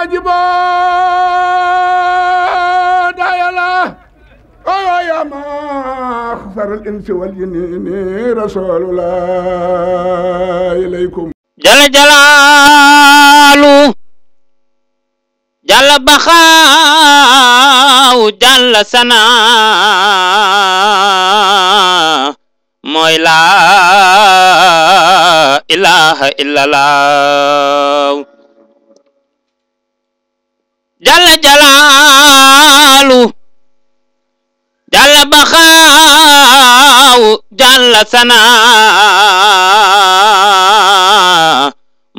جبود يا لا يا ما خسر الانس والجن رسول الله اليكم جل جلاله جل بخاو جل سنا موي لا اله الا الله jalla jalaalu jalla baxaaw jalla sana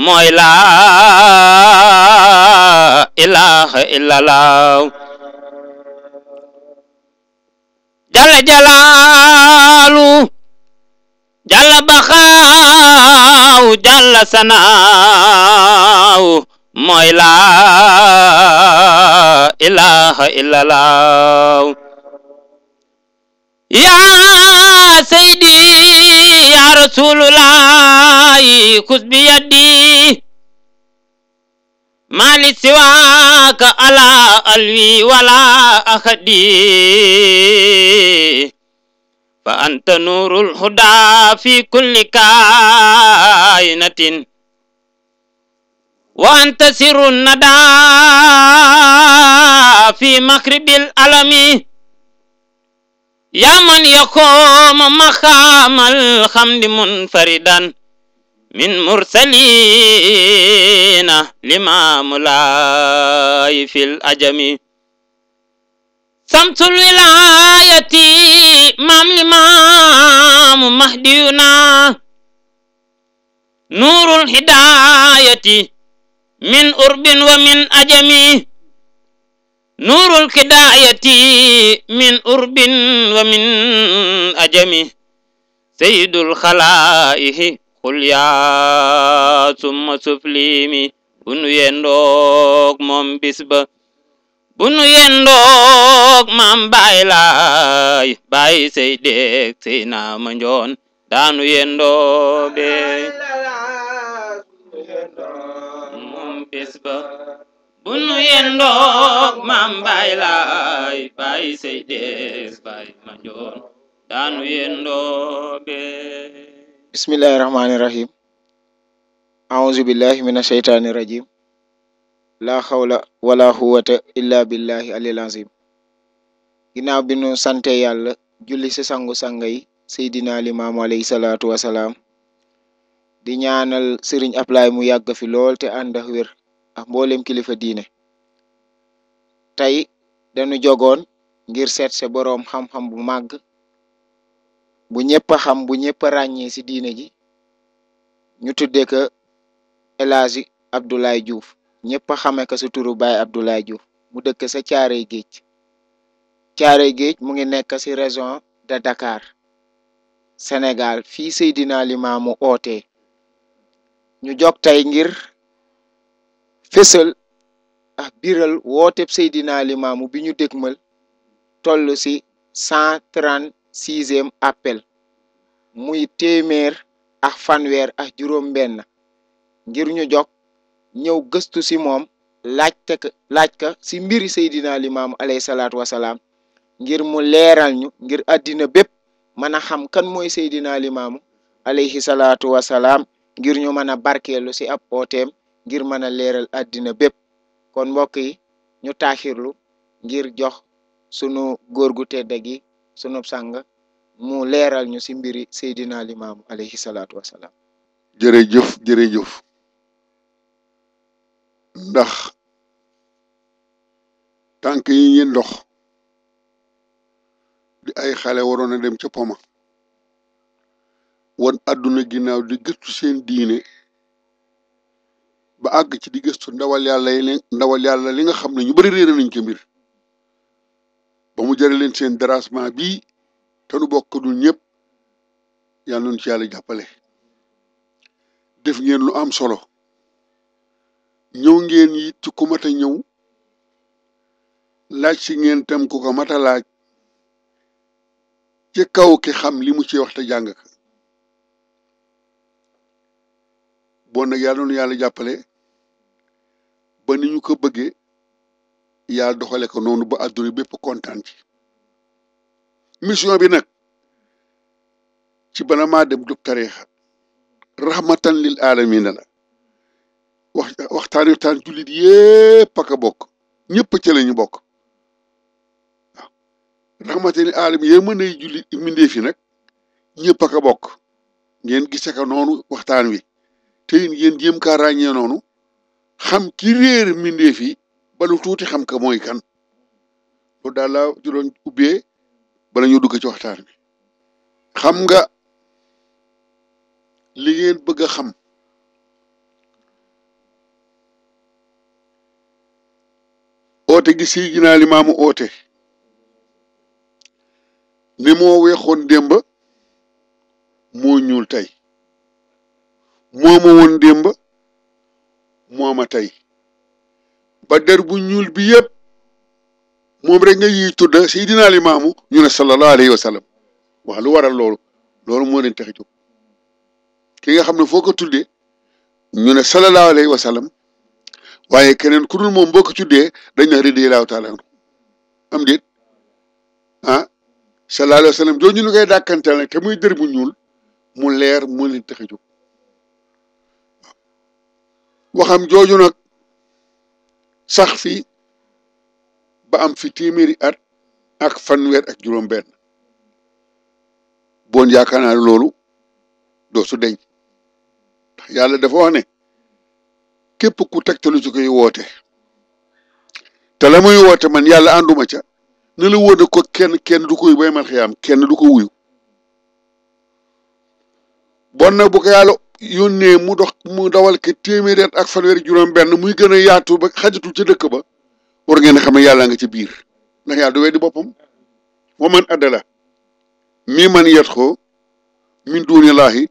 mooy laa ilaha illallah jalla mooy laa ilaha illallah yaa seydi yaa rasulullahi kus bi yaddi maa li siwaaka ala alwi wala axadi fa anta nuurul huda fi kulli kaaynatin وانتصر الندى في مخرب الألم يا من يقوم مقام الحمد منفردا من مرسلين لما ملاي في الأجم سمت الولاية مام لمام مهدينا نور الهداية min urbin wa min ajami nuurul kidaayati min urbin wa ajami sayyidul khalaa'ihi qul summa suflimi bunu yendoog moom bis bunu yendoog maam baay laay baay sey deeg sey naa ma njoon daanu Facebook. Bunu yendo nu yendoog maam bay laay bay sey des bay ma njoon yendo be bismillahi rahmani rahim auzu billahi min asheytaani rajim laa xawla wala quwwata illa billahi alil azim ginnaaw bi nu sante yalla julli si sangu sangay yi seydina limaamu alayhi salaatu wasalaam di ñaanal serigne Ablaay mu yagg fi lol te ànd ak a mboolem kilifa diine tey dañu jogoon ngir seet seetse boroom xam-xam bu màgg bu ñëpp xam bu ñëpp a ràññee ci diine ji ñu tuddee ko El Hadji Abdoulaye ñëpp a xamee ko ci turu Baye Abdoulaye mu dëkk sa Caaroy Géej Caaroy Géej mu ngi nekk ci région de Dakar Sénégal fii Seydina Limaamu ootee ñu jog ngir fésal ak biral wooteb Seydina Limaamu bi ñu dégmal toll ci cent trente sixième appel muy téeméer ak fanweer ak juróom benn ngir ñu jog ñëw gëstu ci moom laaj ka ci mbiri Seydina Limaamu alayhi salaatu wasalaam ngir mu leeral ñu ngir àddina bépp mën a xam kan mooy Seydina Limaamu alayhi salaatu wasalaam ngir ñu mën a barkeelu ci ab ngir mën a leeral àddina bépp kon mbokk yi ñu taaxirlu ngir jox sunu góor gu tedd gi sunu sang mu leeral ñu si mbiri Seydina Limaamu alayhi salaatu wasalaam jërëjëf jërëjëf ndax tànk yi ngeen dox di ay xale waroon a dem ca wan àdduna ginnaaw di gëstu seen diine ba àgg ci di gëstu ndawal yàlla yi leen ndawal yàlla li nga xam ne ñu bari réere nañ ci mbir ba mu jëre leen seen dérangement bi te nu bokk dul ñëpp yàlla nañu ci yàlla jàppale def ngeen lu am solo ñëw ngeen it ci ku mat ñëw laaj si ngeen tam ku ko mat a laaj ci kaw ki xam li mu ci wax te jàng ka bon nag yàlla nañu yàlla jàppale ba ni ñu ko bëggee yàlla doxale ko noonu ba àdduna bépp kontaan ci mission bi nag ci bala maa dem dub tariixa rahmatan lil alamina la wax waxtaan waxtaan jullit yépp ak a bokk ñépp ca la ñu bokk waaw rahmatan lil alamina yéen mën nay jullit mindee fi nag ñëpp ak a bokk ngeen gi ko noonu waxtaan wi te yéen jéem kaa ràññee noonu xam ki réer mbindeef yi ba tuuti xam ka mooy kan loolu daal laa ci bala ñu dugg ci waxtaan bi xam nga li ngeen bëgg a xam oote gi Seydina Limaamu ote ni moo weexoon démb moo ñuul tey moo ma woon démb mooma tey ba der bu ñuul bi yëpp moom rek nga yiy tudd Seydina Limaamu ñu ne sallallahu alayhi wa sallam wax waral loolu loolu moo leen tax a jóg nga xam ne foo ko tuddee ñu ne sallallahu alayhi wa waaye keneen ku moom boo ko tuddee dañ ne radiyallahu taala anhu am déet ah sallallahu alayhi wa sallam jooju ñu koy dàkkanteel ne te muy dër bu ñuul mu leer moo leen tax a waxam jooju nag sax fi ba am fi téeméeri at ak fanweer ak juróom-benn bon yaakaar naa loolu doo su deñ ndax yàlla dafa wax ne képp ku tegtalu ci koy woote te la muy woote man yàlla ànduma ca ne la wóor ko kenn kenn du ko wuyu bay mal xiyaam kenn du ko wuyu bon nag bu ko yónnee mu dox mu dawal ke téeméeri at ak fanweeri juróom-benn muy gën a yaatu ba xajatu ca dëkk ba war ngeen xam ne yàlla nga ci biir ndax yàlla du weddi boppam wa man addala mii man yet ko min duunillaahi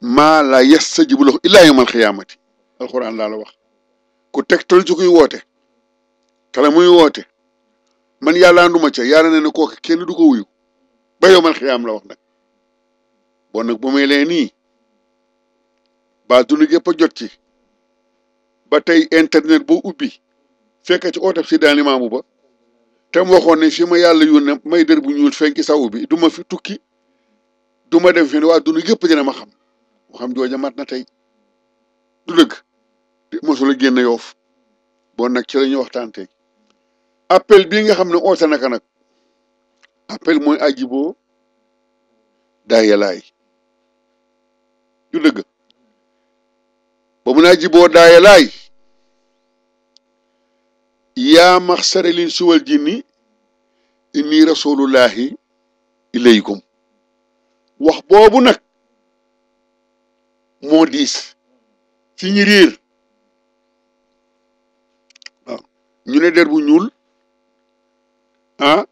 maa la yastajibu lahu illaa yawmal xiyaamati alxuraan laa la wax ku tegtal ci kuy woote tala muy woote man yàlla anduma ca yàlla ne ne kenn du ko wuyu ba yawmal xiyaam la wax nag bon nag bu may nii ba du lu a jot ci ba tey internet boo ubbi fekke ci oto si daan maamu ba te waxoon ne fi ma yàlla yónnee may dër bu ñuul fenki saw bi du ma fi tukki du ma dem fenn waa du lu ñëpp ma xam mu xam jooja mat na tey du dëgg mosul a génn yoof bon nag ci la ñuy waxtaan tey appel bii nga xam ne oote naka nag appel mooy aji boo daa yalaay du dëgg ومناجبو داي لاي يا مخسر الإنس والجن إني رسول الله إليكم wax boobu nag moo diis ci ñi riir waaw ne der bu ñuul ah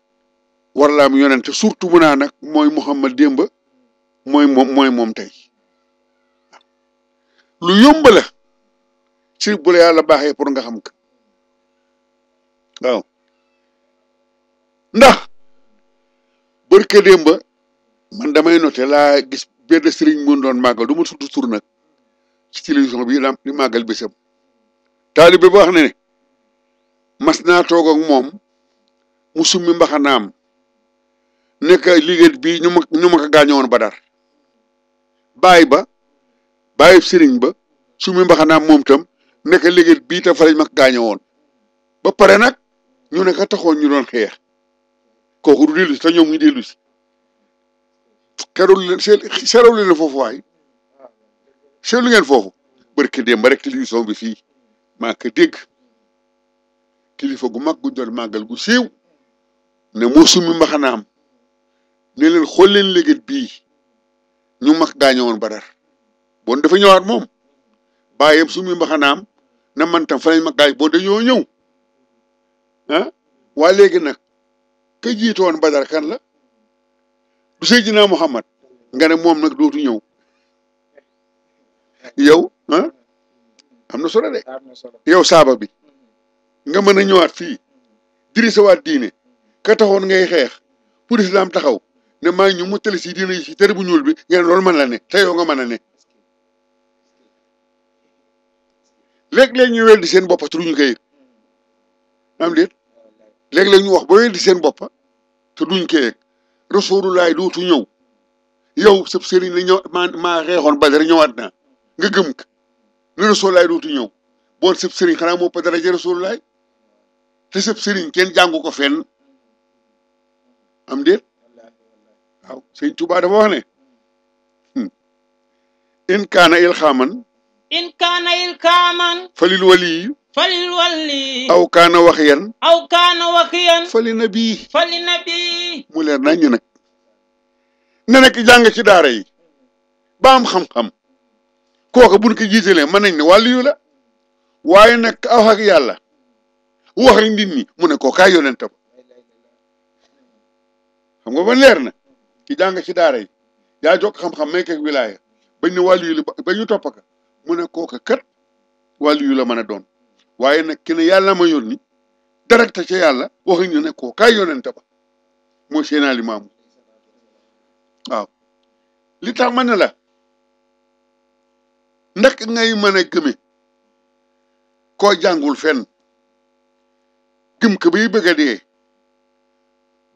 war laa mu yonente surtout mu naa nag mooy Muhammad démba mooy moom mooy moom tey lu yomb la ci bu la yàlla baaxee pour nga xam ko waaw ndax barke démba man damay laa gis benn sëriñ mu doon màggal du ma tudd tur nag bi la di màggal bésam taalibe ba wax ne ne mas naa toog ak moom mu summi mbaxanaam nekk liggéey bi ñu ma ñu ma ko badar bàyyi ba bàyyi sëriñ ba su mbaxanaam moom tam nekk léegi bii tam fa lañ mag gaaño woon ba pare nag ñu ne ka taxoon ñu doon xeex ko du dellu si te ñoom ñu dellu si xerul foofu waay seetlu ngeen foofu barke démb ba rek télévision bi fii maa ko dégg kilifa gu mag gu doon màggal gu siiw ne moo summi mbaxanaam ne leen xool leen léegi bii ñu mag gaaño woon Badar bon dafa ñëwaat moom bàyyam sumi mbaxanaam na man tam fa lañ ma gaay boo dañoo ñëw ah waa léegi nag ka jiitoon badar kan la du Seydina Muhammad nga ne moom nag dootu ñëw yow am na solo de yow saaba bi nga mën a ñëwaat fii diri sawaat diine ka taxoon ngay xeex pour islam taxaw ne maa ñu mu tali si diine yi si tere bu ñuul bi nga ne loolu mën la ne te yow nga mën a ne léeg-léeg ñu weddi seen boppa te duñu ko yëg am wax ba weddi seen bopp te duñ ko yëg rasulullaay dootu ñëw yow sab sëriñ la ñëw maa maa xeexoon Badar ñëwaat naa nga gëm ko ne rasulullaay dootu ñëw boon sab sëriñ xanaa moo pa dara ja rasulullaay te sab sëriñ kenn jàngu ko fenn am déet waaw sëñ Tuubaa dafa wax ne hmm, in kaana ilxaaman إن كان إلكاما فللولي فللولي أو كان وخيا أو كان وخيا فلنبي فلنبي mu leer nañ ñu nag na nekk jàng ci daara yi ba am xam-xam kooka buñ ko jiitalee mën nañ ne wàlliyu la waaye nag aw ak yàlla wax ak nit ñi mu ne kookaa yonent ba xam nga ba leer na ci jàng ci daara yi yaa jokk xam-xam may kek wilaaya bañ ne wàlliyu la bañu topp ka mu ne kooka kat wàllu yu la mën a doon waaye nag ki ne yàlla ma yónni directe ci yàlla waxuñ ñu ne kookaay yonente ba mooy Seydina Limaamu waaw li tax ma ne la ndax ngay mën a gëme koo jàngul fen gëm ko bay bëgg a dee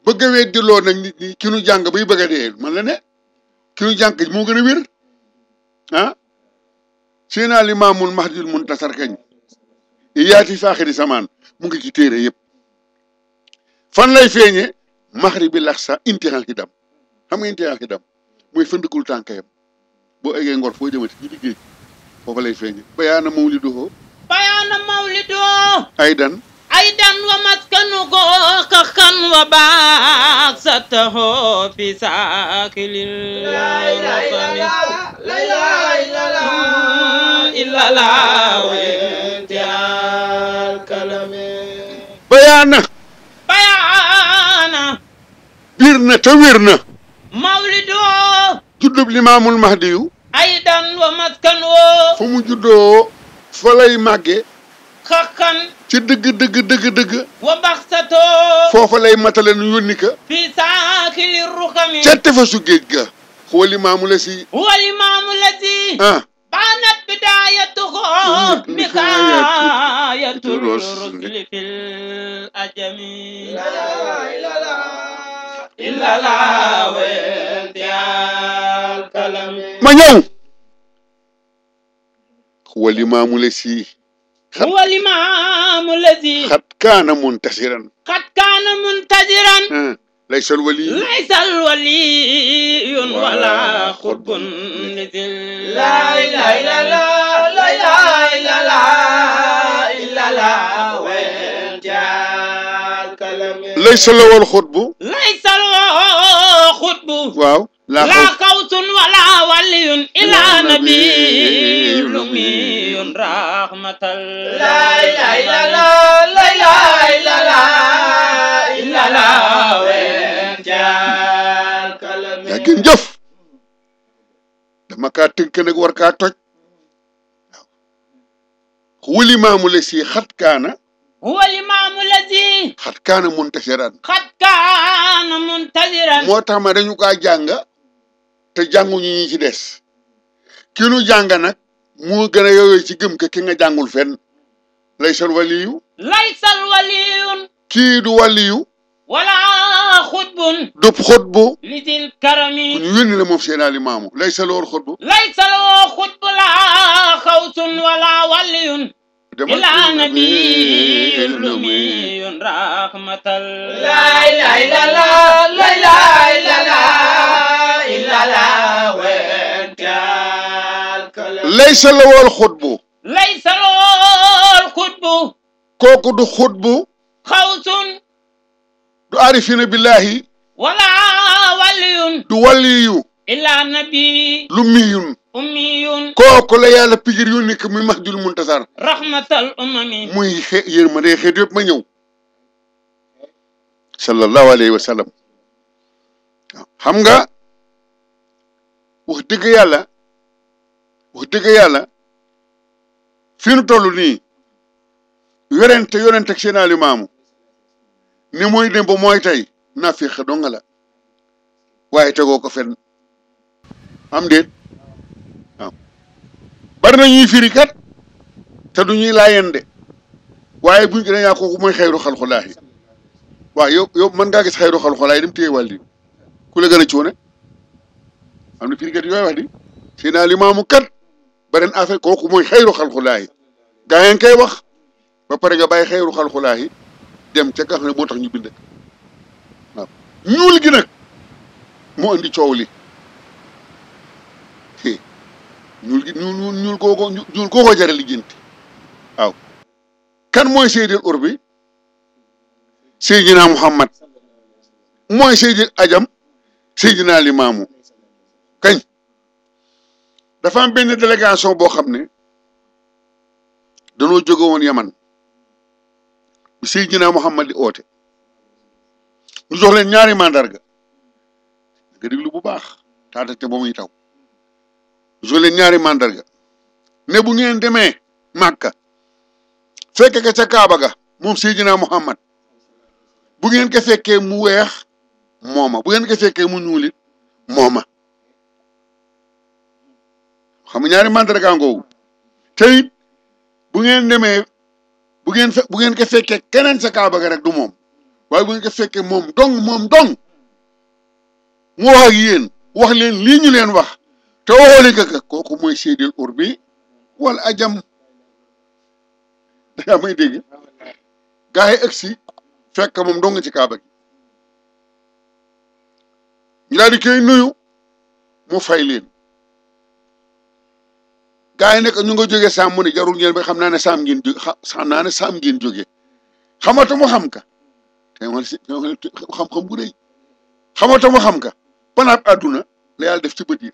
bëgg a weddiloo nag nit ñi ki nu jàng bay bëgg dee man la ne ki nu jàng moo gën a wér ah Seydina Limaamul Mahdil Muntasar kañ yaati saaxiri samaan mu ngi ci téere yëpp fan lay feeñe maxri bi lax sa intihal xidam xam nga intihal xidam mooy fëndikul tànkayam boo eggee ngor foo jëmati ñu liggéey foofa lay feeñe bayaana mawlidoo bayaana mawlidoo aydan aidan wa maskanuko kakhan wa baksataho fisakilil la ilaha kalame bayana bayana birna to wirna maulido tudub limamul mahdi aidan wa maskanuko fumu juddo falay magge kakan ci dëgg dëgg dëgg dëgg. wa baxsato. foofa lay matale nu yónni ka. fi saakili rukami. ca tefesu géej ga. xooli maamu la si. xooli maamu la si. ah. baanat bidaayatuhu. mikaayatul rusli fil ajami. ma ñëw. xooli maamu la si. هو الإمام الذي قد كان منتصرا قد كان منتظرا ليس الولي ليس الولي ولا قرب لذي لا إله إلا لا لا إله إلا لا إلا لا وين جاء ليس له الخطب ليس له خطب واو laa kawtun wala waliyun ila nabi lumiyun rahmatal la ilaha illallah la ilaha illallah illallah wen jaakalami yaa gën jëf dama kaa tënk nag war kaa toj huwa limaamu lesi xat kaana huwa limaamu lesi xat kaana muntasiraan xat kaana muntasiraan moo tax ma dañu kaa jàng te jànguñu ñi ci des ki nu jàng gën a yooyu ci gëm ke ki nga jàngul fenn laysal waliyu laysal waliyun kii du waliyu wala xutbun du xutbu li dil karami ku ñu yónni la moom seen alimaamu laysa loor xutbu laysa loo wala waliyun ila nabiyun lumiyun rahmatal la ilaha illallah la laysa lawol xutbu laysa lawol xutbu kooku du xutbu xawsun du arifina billahi wala waliyun du waliyu illa nabi lummiyun ummiyun kooku la yàlla pigir yónni ko muy maxdul muntasar rahmatal umami muy xe yërmande xeet yëpp ma ñëw sallallahu alayhi wa sallam xam nga wax dëgg yàlla wax dëgg yàlla fi nu toll nii werante yonent ak seen alimaamu ni moy dem ba mooy tey naa féexe donga la waaye tegoo ko fenn am déet waaw bari na ñuy firi kat te du ñuy laayeen de waaye buñ ko dañaa kooku mooy xayru xalxulaahi waaw yow yow mën ngaa gis xayru xalxulaahi dem téye ku la gën am na firikat yooyu wax di si naa limaamu kat beneen affaire kooku mooy xayru xalxulaahi gaa yaa ngi koy wax ba pare nga bàyyi xayru xalxulaahi dem ca nga xam ne moo tax ñu bind waaw ñuul gi nag mu andi coow li ñuul gi ñuul ñuul kooko ñuul kooko jare lijjanti waaw kan mooy seydil urbi seydina muhammad mooy seydil ajam seydina limaamu kañ dafa am benn délégation boo xam ne danoo jóge woon yaman bi Seydina Muhammad di oote ñu jox leen ñaari mandarga nga déglu bu baax taata te boobu muy taw ñu jox leen ñaari mandarga ne bu ngeen demee Màkka fekk ka ca Kaaba ga moom Seydina Muhammad bu ngeen ko fekkee mu weex mooma bu ngeen ko fekkee mu ñuulit mooma xam nga ñaari mandarga ngoogu te bu ngeen demee bu ngeen fe bu ngeen ko fekkee keneen sa kaaba rek du moom waaye bu ngeen ko fekkee moom dong moom dong mu wax ak yéen wax leen lii ñu leen wax te waxoo leen kooku mooy seedil urbi wala ajam dangaa may dégg gaa yi egsi fekk moom dong ci kaaba gi ñu daal di koy nuyu mu fay leen gaa yi nekk ñu nga jógee saam mu ne jarul ngeen ba xam naa ne saam ngeen jóge xam naa ne saam ngeen jógee xamata mu xam ka te xam-xam bu rëy xamata xam ka palaab àdduna la def ci bët yi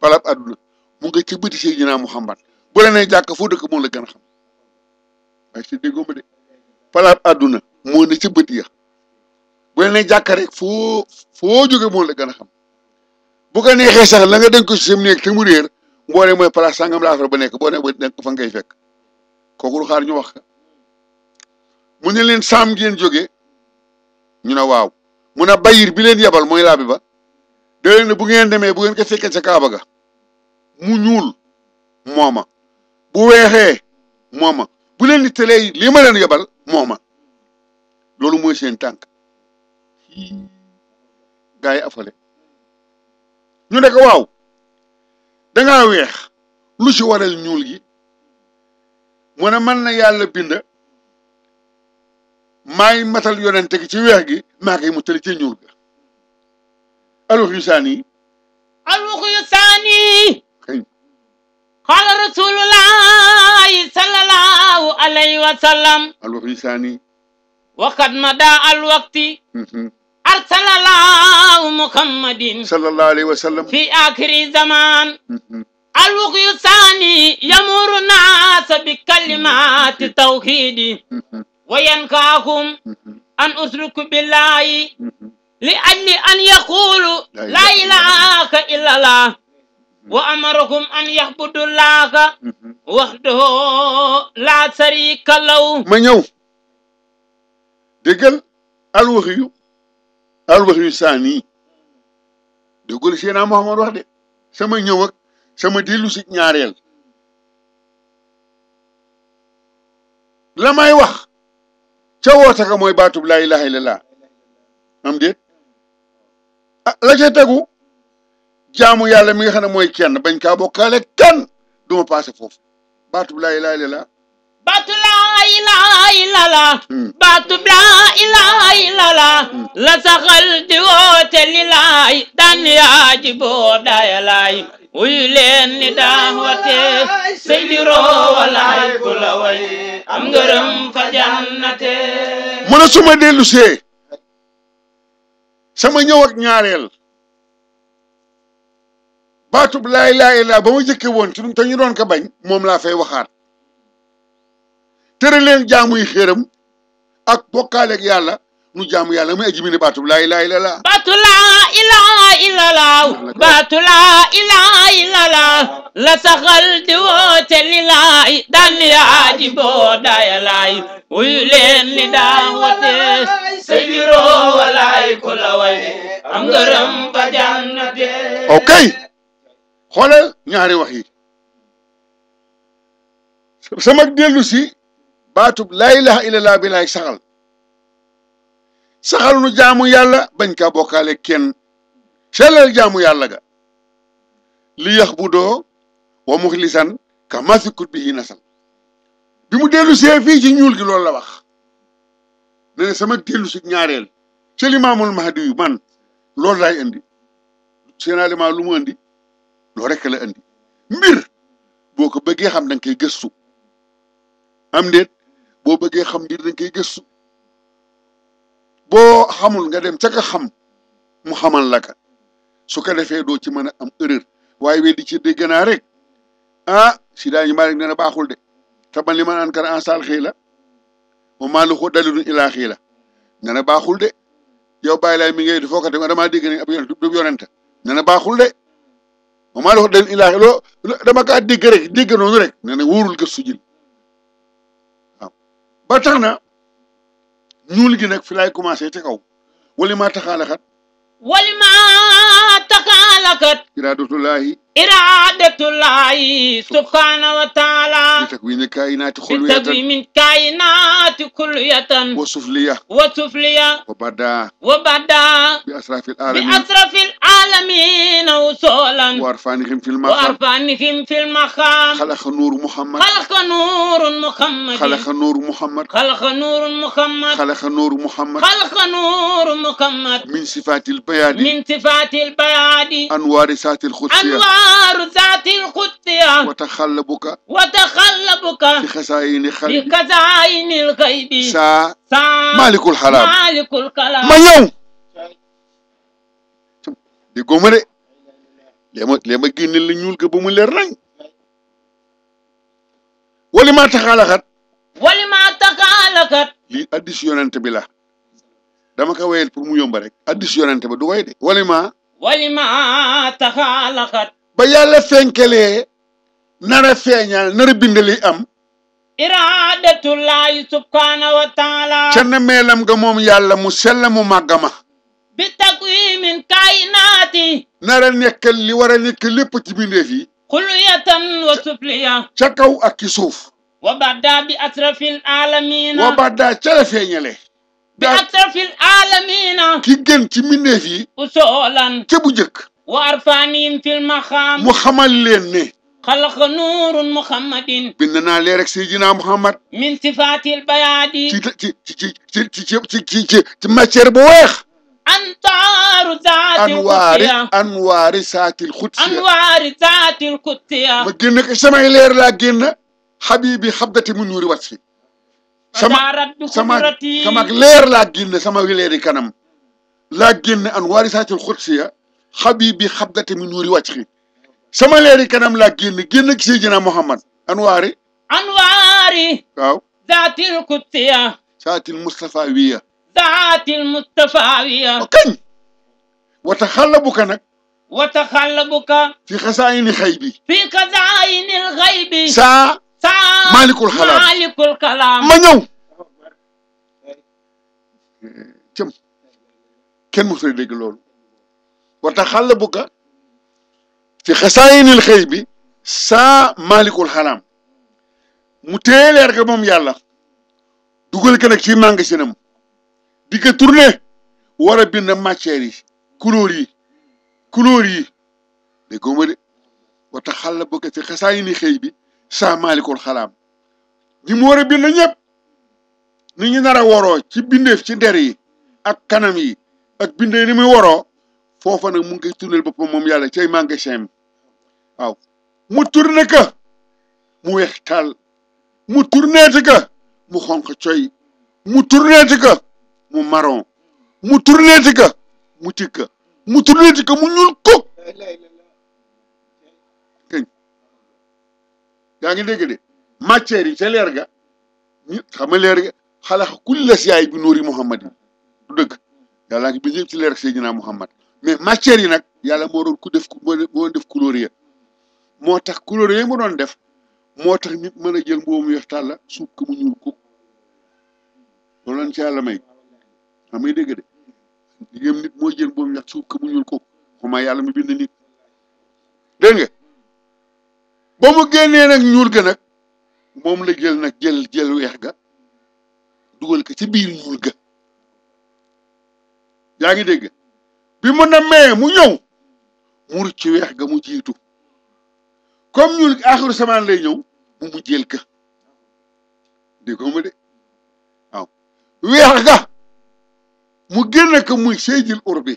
palaab àdduna mu nga ci bëti Seydina Muhammad bu la nee jàkk foo dëkk moom la gën a xam waaye si àdduna moo ne ci bët ya bu jóge moom gën a xam bu ko neexee sax la nga denc ko si te mu réer ngoone mooy place sangam la affaire ba nekk boo nekk fa ngay fekk kooku lu xaar ñu wax mu ne leen saam ngeen joge ñu ne waaw mu ne bayir bi leen yebal mooy laabi ba da bu ngeen demee bu ngeen ko fekkee ca Kaaba ga mu ñuul mooma bu weexee mooma bu leen di tëlee lii ma leen yebal mooma loolu mooy seen tànk gars yi afale ñu ne ko waaw. dangaa weex lu ci waral ñuul gi mu ne man na yàlla bind maay matal yonente gi ci weex gi maa koy mu tëli ci ñuul ga alux yu saani yi alux saani yi rasulullahi sallallahu alayhi wa sallam alux yu saani yi waqad mada al waqti mm-hmm. أرسل الله محمد صلى الله عليه وسلم في آخر الزمان الوقي الثاني يمر الناس بكلمات التوحيد وينكاكم أن أسلك بالله لأجل أن يقولوا لا إله إلا الله وأمرهم أن يعبدوا الله وحده لا شريك له من يوم دقل alwaxiyu alwaxyu saani déggul na Muhammad wax de sama ñëw ak sama dellu si ñaareel la may wax ca woote ka mooy baatub laa ilaha illallah am déet ah la ca tegu jaamu yàlla mi nga xam ne mooy kenn bañ kaa bokkaale kenn du ma paase foofu baatub laa ilaha illallah ilaha illallah baatub laa ilaha illallah la saxal di woote li laay daan yaa ji boo daaya laay wuyu leen ni daan wate sëy di roowa laay ku la way am ngërëm fa jannate mu ne suma dellu see sama ñëw ak ñaareel baatub laa ilaha illallah ba ma jëkke woon ci te ñu doon ko bañ moom laa fay waxaat tere leen jaamuy xéeram ak bokkaaleeg yàlla nu jaamu yàlla muy aji bi ne baatu laa ilaha illa llah baatu laa ilaha illa llah baatu laa ilaha illa llah la saxal di woote li laay daan yaaji boo daaya laay wuyu leen li daan woote biroo walaay ku la way am ngërëm ba jànnate ok xoolal ñaari wax yi sama dellu si batub la ilaha illallah bi laay saxal saxal nu jaamu yalla bañ ka bokale ken selal jaamu yalla ga li yakhbudo wa mukhlisan kama masikut bihi nasal bimu mu se fi ci ñuul gi lol la wax ne sama delu ci ñaarel ci limamul mahdi man lol lay indi seen ma lu mu indi lo rek la indi mbir boko beugé xam dang kay am deet bo beugé xam bir dañ koy gëssu bo xamul nga dem ca ka xam mu xamal la ka su ko defee do ci mëna am erreur waye wé di ci dégg naa rek ah si dañu maa rek nee na baaxul de te man li ma naan kar ansal xëy la moom maa lu ko dalilu ilaa de yow bay lay mi ngay di fookate dama damaa dégg ne ab yonent du yonent nee baxul de moom maa lu ko dama ka dégg rek dégg nonu rek ke sujil ba tax na ñuul gi nag fi laay commencé te kaw wali maa taxaalakat wali maa taxaalakat iraadatullaahi إرادة الله سبحانه وتعالى من كائنات كلية بتكوين كائنات كلية وسفلية وسفلية وبدا وبدا بأسراف العالمين بأسراف العالمين وصولا وأرفانهم في المقام وأرفانهم في المقام خلق نور محمد خلق نور محمد خلق نور محمد خلق نور محمد خلق نور محمد خلق نور محمد من صفات البياد من صفات البياد أنوار ذات الخصية أنوار الأنوار ذات القدس وتخلبك وتخلبك بخزائن الخيب بخزائن الغيب سا سا مالك الحرام مالك الكلام ما يوم di góoma de lee ma lee ma génne la ñuul ko ba mu leer nañ wali maa taxaalaxat wali maa taxaalaxat lii addis yonente bi la dama ko wéyal pour mu yomba rek addis yonente ba du way de wali maa wali maa taxaalaxat ba yàlla fenkelee nara feeñal nara bindali am iradatullahi subhanahu wa ca na meelam nga moom yàlla mu sella mu màggama bi taqwimin kaayinaati nara nekkal li war a nekk lépp wa sufliya ca kaw ak ci suuf wa badda bi asrafil alamina wa badda ca la feeñale bi asrafil alamina ki gën ci mbindeef usoolan ca bu njëkk وارفانين في المخام محمد لين خلق نور محمد بننا naa leer ak Seydina من صفات البياض ci ci ci ci ci ci ci ci ci matière bu أنوار ذات أنوار أنوار ذات القدس أنوار ذات القدس ما جنك سمعي لير لا جن حبيبي حبدتي من نور وصفي سما سما كما لير لا جن سما لير كنم لا جن أنوار ذات القدس حبيبي خبقت من نوري واتخي سما ليري كلام لا جن جن كسيجنا محمد أنواري أنواري كاو ذات القدسية ذات المصطفاوية ذات المصطفاوية وكن وتخلبك أنا وتخلبك في خزائن الغيب في خزائن الغيب سا سا مالك الكلام مالك الكلام من يوم اه، كم مصري ديك لولو وتخلبك في خسائن الخيب سا مالك الحرام متيل ارغمم يالا دوغل كنك شي مانغ سينم ديك تورني ورا بين ماتيري كولوري كولوري دي غومري وتخلبك في خسائن الخيب سا مالك الحرام دي مورا بين نيب ني ني نارا وورو سي بينديف سي دري اك كانامي اك بينديني مي وورو Fofan nak mu ngi tourner bopam mom yalla cey cay maa waw mu tourner ka mu wex tal mu tournéete ka mu xonq cey mu tournéete ka mu maron mu tournéete ka mu tikka mu tournéete ka mu ñul ko kañ yaa ngi dégg dé matière yi lér ga xam ga bi nuri Muhammad du dëgg yàlla ngi bind yëpp ci Muhammad mais matière yi nag yàlla moo doon ku def moo doon def couleur ya moo tax couleur ya mu doon def moo tax nit mën a jël mboobu mu weex tàll la suuf mu ñuul ko loolu lañ ci yàlla may xam nga dégg de moo jël mboobu mu weex suuf ko mu ñuul ko xuma yàlla mu bind nit dégg nga ba mu génnee nag ñuul ga nag moom la jël nag jël jël weex ga dugal ko ci biir ñuul ga yaa ngi dégg bi me namee mu ñew mu ci wéx ga mu jitu comme ñun akhiru samaan lay ñëw mu jël ka ko ma de aw wéx ga mu genn ka muy seydil urbi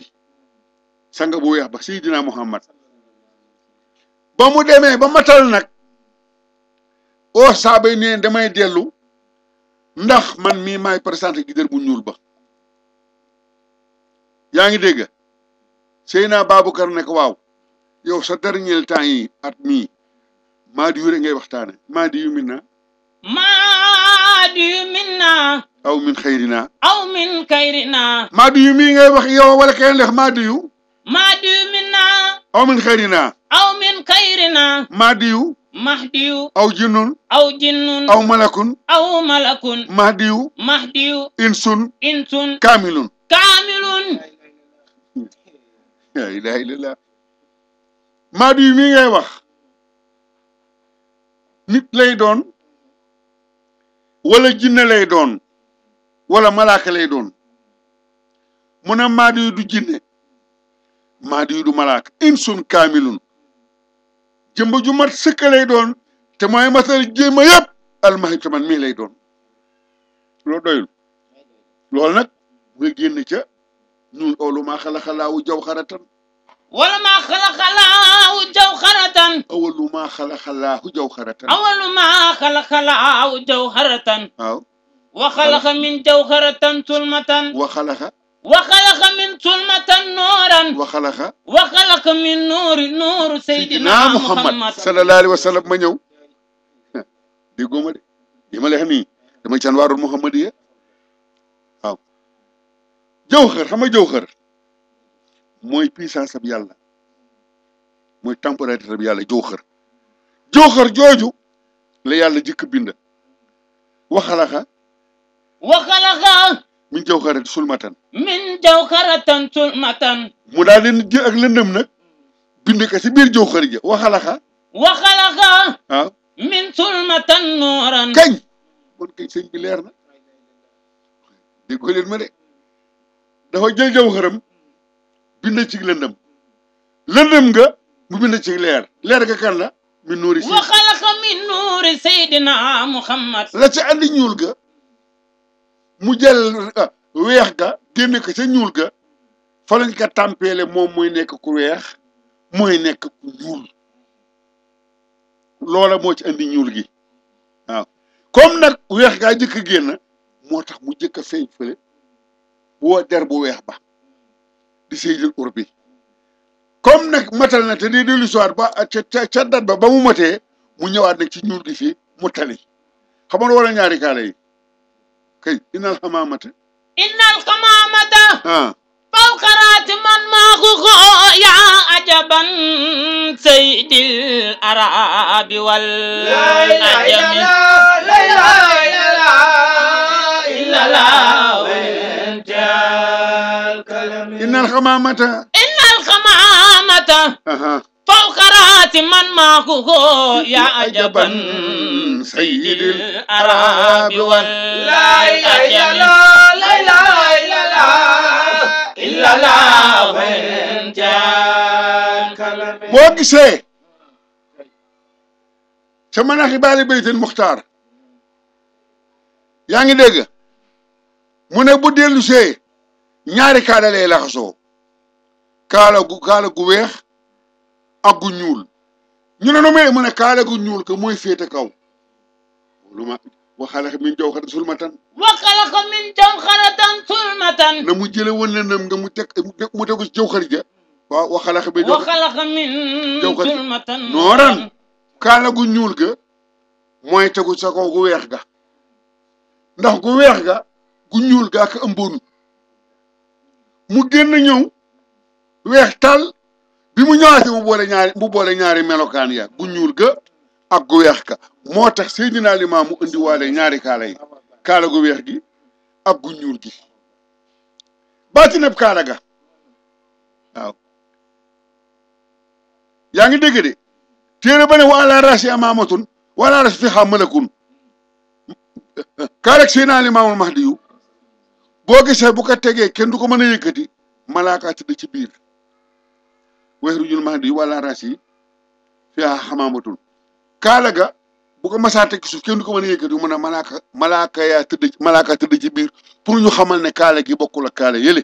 sanga bu wéx ba seydina muhammad ba mu démé ba matal nag oo saabay né damay dellu ndax man mi may présenté gi dër bu ñuul ba yaangi dégg Seyna Babacar ne ko waaw yow sa dernier temps yi at mii maadi yu rek ngay waxtaane maadi yu min naa maadi yu aw min xayri aw min xayri naa maadi yu mii ngay wax yow wala keneen lex aw min xayri aw min xayri naa maadi yu mahdiyu aw jinnun aw jinnun aw malakun aw malakun mahdiyu mahdiyu insun insun kaamilun kaamilun la ilaha maadu yi mi ngay wax nit lay doon wala jinne lay doon wala malaaka lay doon mu ne maadu yi du jinne maadu yi du malaaka insun kaamilun jëmba ju mat sëkka lay doon te mooy matal jéema yëpp almahib taman mii lay doon loolu nag mu nga génn nun ولما خلق الله جوهرة ولما خلق الله جوهرة أول ما خلق الله جوهرة أول ما خلق الله جوهرة أو وخلق من جوهرة ثلمة وخلق وخلق من ثلمة نورا وخلق وخلق من نور نور سيدنا محمد صلى الله عليه وسلم ما ñëw déggoo ma de li ma lay wax nii dama ci anwaarul muhammadiya jawhar xam nga jawhar mooy puissance ab yàlla mooy température ab yàlla jawhar jawhar jooju la yàlla jikk bind waxalaxa waxalaxa min jawharatin sulmatan min jawharatin sulmatan mu daal leen jël ak lëndëm nag bind ko si biir jawhar ja waxalaxa waxalaxa ah. min sulmatan nooran kañ bon kañ sëñ bi leer na ma de dafa jël jawharam bind ci lëndëm lëndëm nga mu bind ci leer leer ga kan la min nuuri wa muhammad la ci andi ñuul ga mu jël ah, weex ga génne ko ca ñuul ga fa lañ ko moom moy nekk ku weex moy nekk ku ñuul loola moo ci andi ñuul gi waaw comme nag weex gaa jëkk génn moo tax mu jëkk a feeñ fële woo der bu weex ba di seydil urbi comme nag matal na te di dellu soir ba ca ca ba ba mu matee mu ñëwaat nag ci ñuul gi fii mu tali xam nga ñaari kaale yi kay innal xamaamata innal xamaamata fawqaraati man maa ko ko yaa ajaban seydil arabi wal ajami la ilaha innal xamaamata innal xamaamata fawqa raati man maaku ko yaa ajaban sayyidil arabi wallahi ajala la ilaha illallah boo gisee sama naxi baali baytin muxtaar yaa ngi dégg mu ne bu dellusee ñaari kaala lay laxasoo kaala gu kaala gu weex ak gu ñuul ñu ne nu may mën a kaala gu ñuul que mooy féete kaw lu ma waxalax min jaw xara sulmatan sulmatan na mu jële woon ne nam mu teg tegu si jaw xari ja waaw waxalax min jaw xari nooran kaala gu ñuul ga mooy tegu sa kaw gu weex ga ndax gu weex ga gu ñuul ga ak ëmboonu mu genn ñew wéx tal bi mu ñëwaatee mu boole ñaari mu boole ñaari melokaan ya gu ñuul ga ak gu weex ka moo tax mu indi indiwaale ñaari kaala yi kaala gu weex gi ak gu ñuul gi baatinab kaala ga waaw yaa ngi dégg de téere ba wala rasi amaamatun wala rasi fi xaa malakun kaalag Seydina Limaamul boo gisee bu ko tegee kenn du ko mën a yëkkati malaaka tëdd ci biir weexrijul mahdi wala ras yi fiyaa xamaamatul kaala ga bu ko masaa teg suuf kenn du ko mën a yëkkati mu ne malaaka malaaka yaa tëdd ci biir pour ñu xamal ne kaala gi bokkul a kaala yële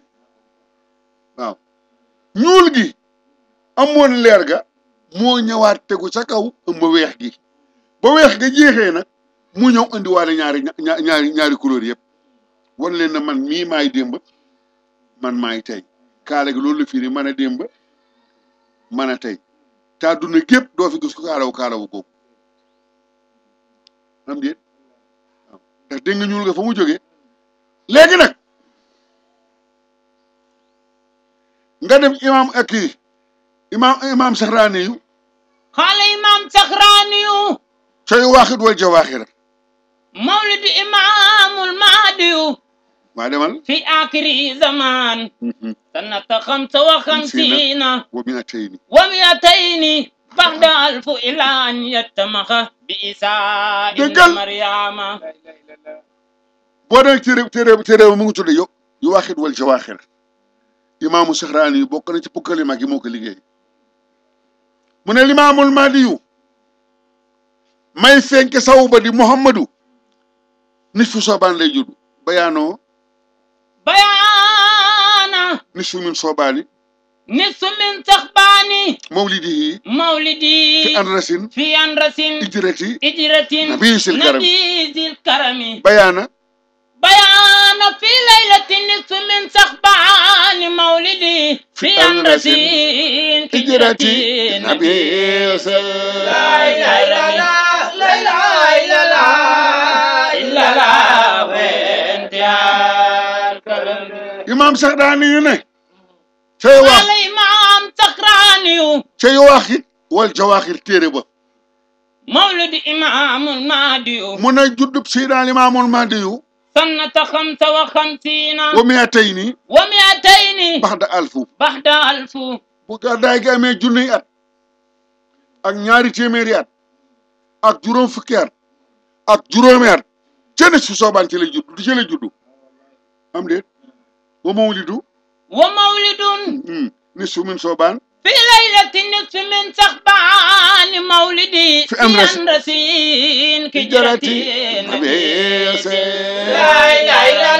waaw ñuul gi amoon leer ga moo ñëwaat tegu ca kaw ëmb weex gi ba weex ga jeexee nag mu ñëw indiwaale ñaari ñaari ñaari couleur yëpp wan leen na man mii maay démb man maay tey kaala gi loolu la firi man a démb man a tey te àdduna gépp doo fi gis ko kaalawu kaalawu googu am déet waaw fa mu jógee léegi nag nga dem imaam ak kii imaam xaala imaam saxraani yu sooy waaxit wal jawaaxira mawlidi imaamul maadi ما دمال في آخر زمان سنة خمسة وخمسين ومئتين ومئتين بعد ألف إلى أن يتمخ بإساء مريم بودك تري تري تري موجود يو يواخد والجواخر imaamu Saxraani bokk na ci bukkali mag yi moo ko liggéey mu ne limaamul Mahdiyu may fenk saw ba di Muhammadu nit fu soobaan lay judd bayaanoo بيانا نصف من صوبالي نصف من تخباني مولده مولدي في أنرس في أنرس إجرتي إجرتي نبيس الكرم نبيس الكرم بيانا بيانا في ليلة نصف من تخباني مولدي في أنرس إجرتي نبيس لا إله إلا الله لا إله إلا الله سكراني نه شي واحد الإمام سكراني شي واحد والجواهر تيربا مولد إمام المهدي من الجد بسيدنا الإمام المهدي سنة خمسة وخمسين ومئتين ومئتين بعد ألف بعد ألف بقداي جامي جوني أت ak ñaari téeméeri at ak juróom fukki at ak juróomi at ca ne su soobaan ci lay judd du ci lay judd am déet wa mawlidu wa mawlidun mm-hmm. min soobaan fi laylati nisfi min saxbaani mawlidi fi an rasin ki jaratin beese laa ilaaha illallaah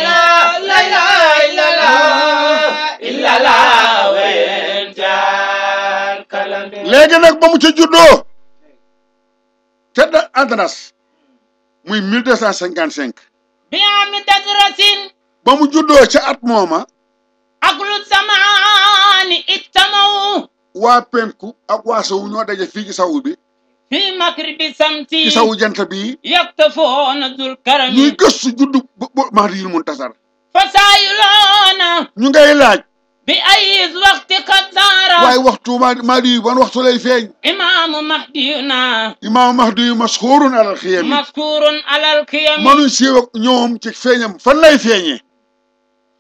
laa ilaaha illallaah illallaah wen jaar kalam léegi ba mu ca juddoo te Andras muy mille deux cinq ba mu juddoo ca at mooma aklu samaani ittamaw waa penku ak waa sowu ñoo daje fii ci sawu bi fii magribi samti ci sawu jant bi yaktafoona dul karami ñuy gëstu juddu Mahdiyul Muntasar fasaayiloona ñu ngay laaj bi ay waxti katara waaye waxtu Mahdi ban waxtu lay feeñ imaamu Mahdiyuna imaamu Mahdiyu maskuurun alal xiyami maskuurun alal ñoom ci feeñam fan lay feeñee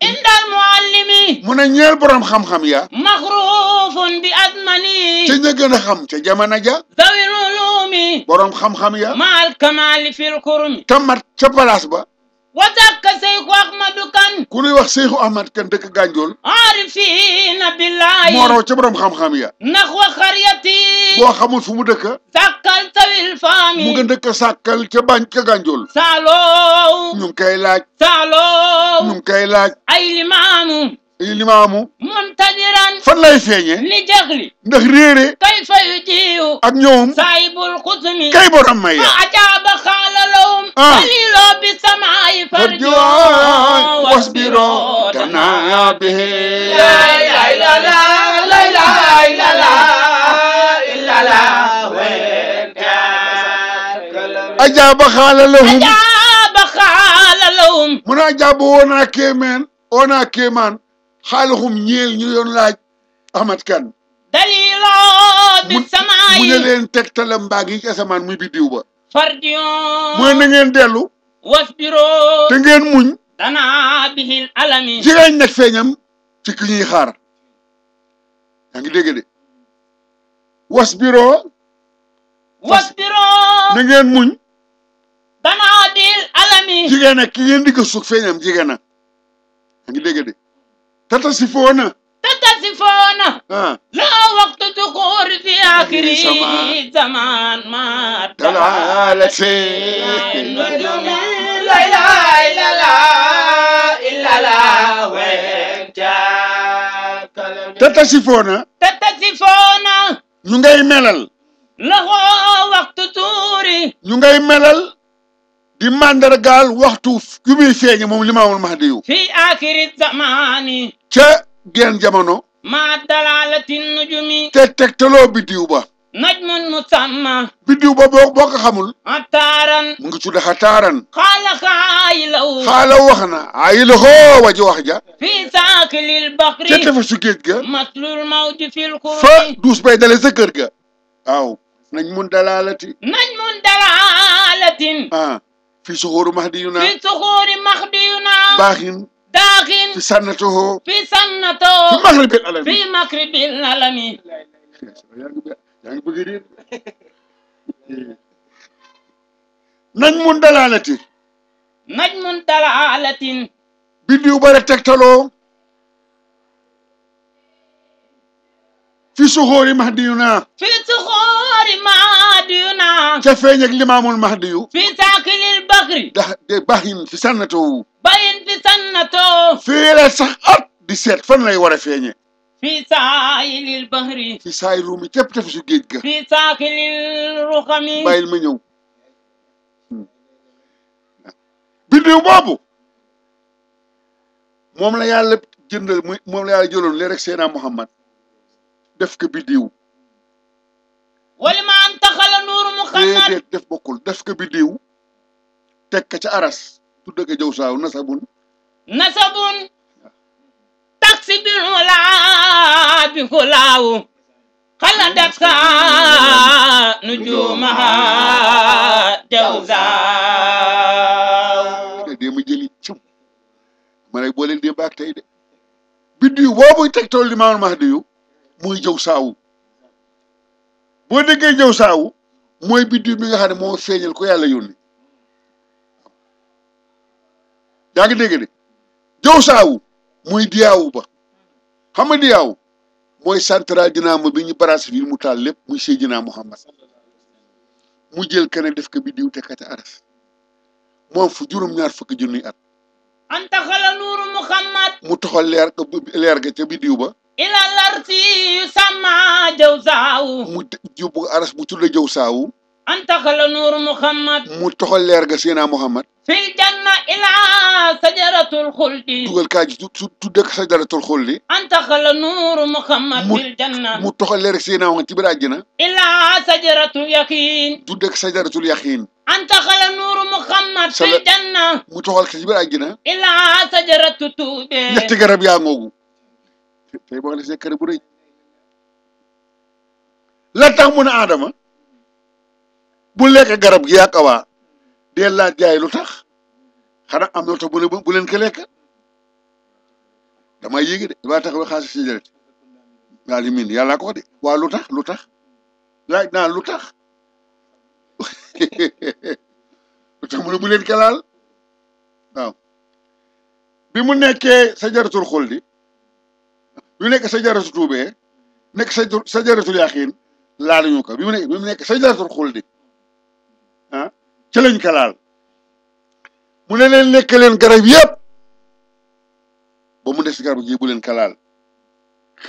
indal muallimi mu ne ñeel borom xam-xam ya maxruufun bi admani ca ña gën a xam ca jamono ja dawil ulumi borom xam-xam ya maal kamaali fil kurmi tamat ca palaas ba wa zakka seyku ahmadu kan ku nuy wax seyku ahmad kan dëkk gànjool aarifiina billaahi moo raw ca borom xam-xam ya nax wa xaryati boo xamul fu mu dëkk sàkkal tawil faami mu nga dëkk sàkkal ca bañ ca gànjool mu ñu ngi koy laaj saaloow ñu ngi koy laaj ay limaamu limaamu muntadiran fan lay feeñee li jaxli ndax réere kay fayu jiiw ak ñoom saayibul xusmi kay borom may ya ajaaba xaalalawum xalilo ah. bi samaay farjo wasbiro dana bihe ajaaba xaalalawum ajaaba xaalalawum mun ajaaba woonaa kéemaan woonaa kéemaan xaalixum ñeel ñu yoon laaj Ahmad Kan dalila bi samaay mu ne leen tegtala mbaa gi ci asamaan muy biddiw ba fardio mooy na ngeen dellu te ngeen muñ dana bihil alami jigéen nag feeñam ci ki ñuy xaar yaa ngi dégg de wasbiro wasbiro na ngeen muñ dana bihil alami jigéen nag ki ngeen di ko suuf feeñam jigéen na yaa ngi dégg تتصفون تتصفون لا وقت ذكور في آخر زمان ما تلالت النجوم لا إله إلا لا إلا لا وين تتصفون تتصفون ñu ngay melal. la waqtu tuuri. ñu ngay melal. di màndargaal waxtu yu muy feeñe moom limaamul mahdiyu fi aaxiri zamaani ca geen jamono maa dalaalati nujumi te tegtaloo biddiw ba najmun musamma biddiw boo boo ko mu ngi tudd ataaran xaala ka aayilaw xaala wax na aayilahoo waji wax ja fii saakilil baxri ca tefa su géej ga matlul mawji fil kuuri fa duus bay dale sa kër ga waaw najmun dalaalati najmun dalaalatin ah. fi suxuuri mahdiyuna fi suxuuri mahdiyuna baaxin daaxin fi sannatoo fi sannatoo fi maghribil alami fi maghribil alami yaa ngi bëgg réer nañ mun dalaalatin nañ mun dalaalatin biddiw bare tegtaloo fi suxóori mahdiyuna fi suxóori mahdiyuna ca feeñ ak mahdiyu fi saakilil bakri da de bahin fi sannatoo bahin fi sannatoo fii la sax at di seet fan lay war a feeñe fi saayilil bahri fi saay ruumi tepp tefe su géej ga fi saakilil ruxami bàyyil ma ñëw bindiw la yàlla jëndal moom la yàlla jëloon rek Seydina Muhammad def ko biddiw. wala ma an taxala nuuru def bokkul def ko biddiw teg ko ca aras tudde ko jëw saaw nasabun. nasabun. taxi bi bi xulaawu xala def sa nujuumaha jëw saaw. déedéet ma jëli cim ma ne boo leen dee baag tey de biddiw boobu muy jëw saawu boo déggee jëw saawu mooy biddiw bi nga xam ne moo feeñal ko yàlla yónni yaa ngi dégg de jëw saawu mooy diyaawu ba xam nga diyaawu mooy central dynamo bi ñu barasi bi mu taal lépp muy Seydina Muhammad mu jël keneen def ko biddiw te kata araf moom fu juróom-ñaar fukki junniy at. anta xala nuuru Muhammad mu toxol leer leer ga ca biddiw ba. ila larti yu sama jëw saawu mu jubbu aras bu tudda jëw saawu antaxala nuur muhammad mu toxal leer ga seenaa muhammad fil janna ila sajaratul xuldi dugal kaa ji su tudd ak sajaratul xuldi antaxala nuur muhammad fil janna mu toxal leer ga seenaa muhammad ci biir àjjana ila sajaratul yaqiin tudd ak sajaratul yaqiin antaxala nuuru muhammad fil janna mu toxal ka ci biir àjjana ila sajaratu tuube ñetti garab yaa ngoogu tey boo xam la tax mun a aadama bu lekk garab gi yàq awaa dee laaj jaay lu tax xanaa am na lu tax bu leen ko lekk damay yéegi de dama tax ba xaalis si njëriñ daal di miin yàlla ko wax lu tax lu tax laaj na lu tax lu tax mu ne bu laal waaw bi mu nekkee sa jaratul xul di lu nekk sa sajaratu tuubee nekk sa yaaxiin laaluñu ko bi mu nekk bi mu nekk sajaratul xuldi ah ci lañ kalaal laal mu ne leen lekk leen garab yëpp ba mu des garab gi bu leen kalaal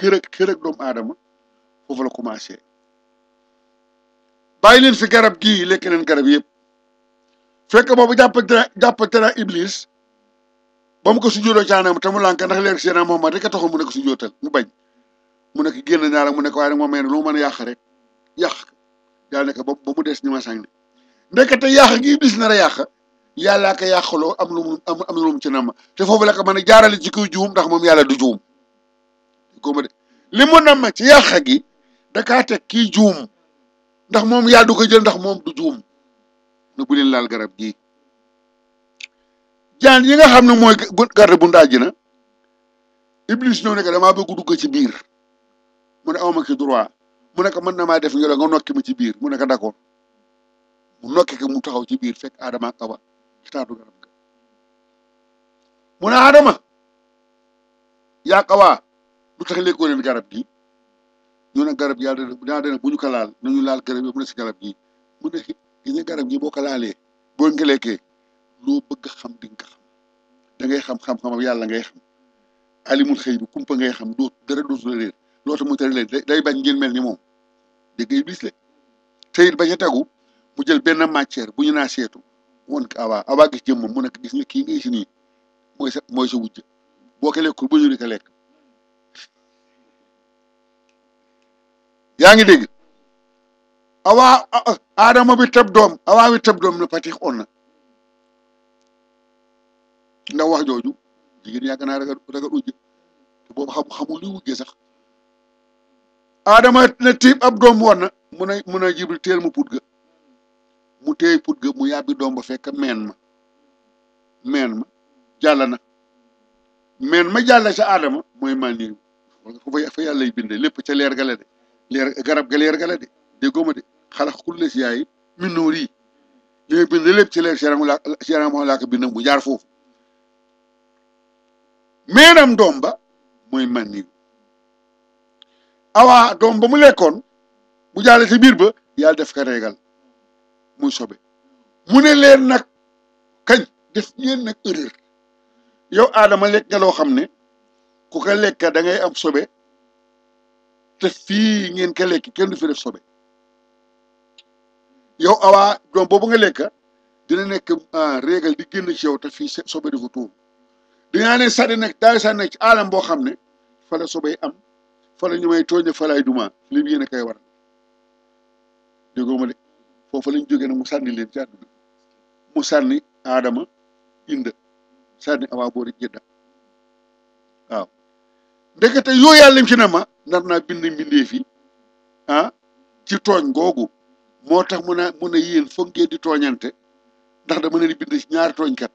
laal xërëg doomu aadama foofu la commencé bàyyi leen si garab gii lekk leen garab yëpp fekk boobu jàpp jàpp tera iblis ba mu ko sujjóotoo caanaam te mu lànk ndax leer seen Muhammad rek a taxoon mu nekk sujjóotal mu bañ mu nekk génn naa la mu moom may ne lu mu mën a yàq rek yàq yàlla nekk ba ba mu des ñu ma sànni ndekete yàq gi bis nar a yàq yàllaa ko yàqaloo am lu mu am am lu mu ci namm te foofu la ko mën a jaarale ci kuy juum ndax moom yàlla du juum góob de li mu namm ci yàq gi da kaa teg kii juum ndax moom yàlla du ko jël ndax moom du juum ne bu laal garab gi jaan yi nga xam ne mooy garde buntu àjjana iblis ñëw ne ko damaa bëgg dugg ci biir mu ne awma ci droit mu ne ko mën na maa def nga nokki ma ci biir mu ne ko d'accord mu mu taxaw ci biir fekk Adama ak Awa ci taatu garab ga ne Adama yaa Awa lu tax léegoo garab gi ñu ne garab gi yàlla dana dana bu ñu ko laal nañu laal garab yi mu ne si garab gi mu ne gis nga garab gi boo ko laalee boo ngeleekee loo bëgg xam di xam da ngay xam xam-xamam yàlla ngay xam alimul xëy bi kumpa ngay xam doo dara dootu la réer loo tax mu tere leen day bañ ngeen mel ni moom dégg iblis le te it bañ a tegu mu jël benn matière bu ñu naa seetu won ko awaa gis jëm moom mu nekk gis nga kii ngay si nii mooy sa mooy sa wujj boo ko lekkul ba ñu di ko lekk yaa ngi dégg awaa aadama bi tab doom awa bi tab doom na patix on na ndax wax jooju jigéen yàgg naa ragal ragal ujj te boobu xam xamul li wujje sax aadama ne tiib ab doom woon na mun a mun teel ma put ga mu téey put ga mu yàbbi doom ba fekk meen ma meen na meen ma jàll sa aadama mooy man nii fa fa yàlla lay binde lépp ca leer ga la de garab ga leer ga la de déggoo ma de xalax kulle si yaay min nuur yi li may bind ci leer seeraan laa seeraan moo laa mu jaar foofu meeram doom ba mooy màndiw awa doom ba mu lekkoon bu jaaree ci biir ba yàlla def ka réegal muy sobe mu ne leen nag kañ def ngeen nag yow aadama lekk nga xam ne ku ko lekk da ngay am sobe te fii ngeen ko lekk kenn du fi def sobe yow awaa doom boobu nga lekk dina nekk a ah, réegal di génn ci yow te fii sobe di ko tuur dinaa ne sànni nekk daal sànni nekk ci alam boo xam ne fa la sobay am fa la ñu may tooñe fa laay duma kay mu yéen a koy waral déggoo ma de foofu lañ jógee nag mu sànni leen ci àdduna mu sànni aadama inda sànni awaa boori jëdda waaw ndekete yoo yàlla ci ne ma nar bind mbindeef yi ah ci tooñ googu moo tax mun a mun a yéen foog di tooñante ndax dama leen di bind ci ñaari tooñkat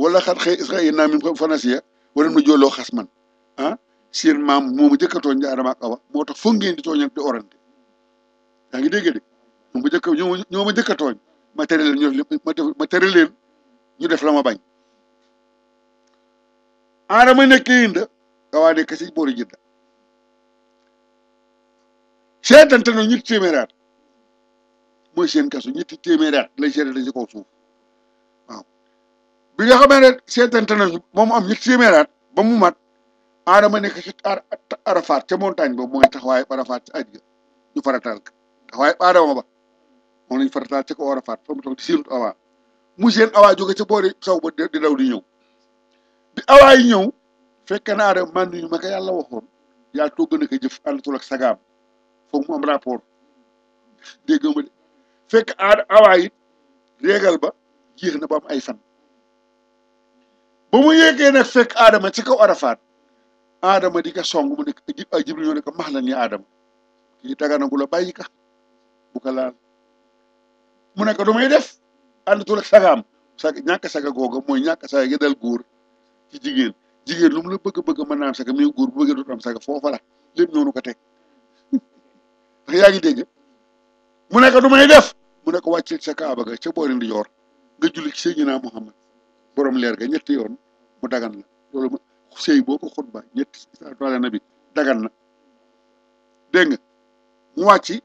wala xat xëy israil fanasiya wala na jooloo xas man ah seen maam moomu jëkk a tooñ Adama ak moo tax foog ngeen di tooñal di orante yaa ngi dégg de ñoom ma jëkk ñoo ma jëkk a tooñ ma tere leen ñu def ma tere leen ñu def la ma bañ Adama nekke yinda awaa de kasi boori jidda seetante na ñetti téeméeraat mooy seen kasu ñetti téeméeraat suuf bi nga xamee ne seetante nañu ba mu am ñetti téeméeraat ba mu mat aadama nekk ci arafaat ca montagne boobu mooy taxawaay arafaat ci aj ga ñu farataal ko taxawaay aadama ba moom lañ farataal ca ko arafaat fa mu toog di séentu mu seen awaa jóge ca boori saw ba di daw di ñëw bi awaa yi a ko jëf àndatul ak foog mu am rapport dégg de fekk aada awaa it ba jeex na ba am ay fan ba mu yéegee nag fekk Adama ci kaw Arafat adam di ko song mu nekk Jibril ñoo ne ko max lan ya Adama kii daganagu la bàyyi ka bu ko laal mu ne ko du may def àndatul ak sagaam sag ñàkk saga googa mooy ñàkk saga gi dal góor ci jigéen jigéen lu mu la bëgg bëgg mën naa am saga mais góor bu bëggee dootu am saga foofa la lépp ñoonu ko teg ndax yaa ngi dégg mu ne ko du may def mu ne ko wàccil sa kaaba ga ca boori ndi yoor nga julli ci Seydina Muhammad borom leer ga ñetti yoon mu dagan la lolu sëy boo ko xutba ñetti salaatu nabi dagan na dégg mu wacci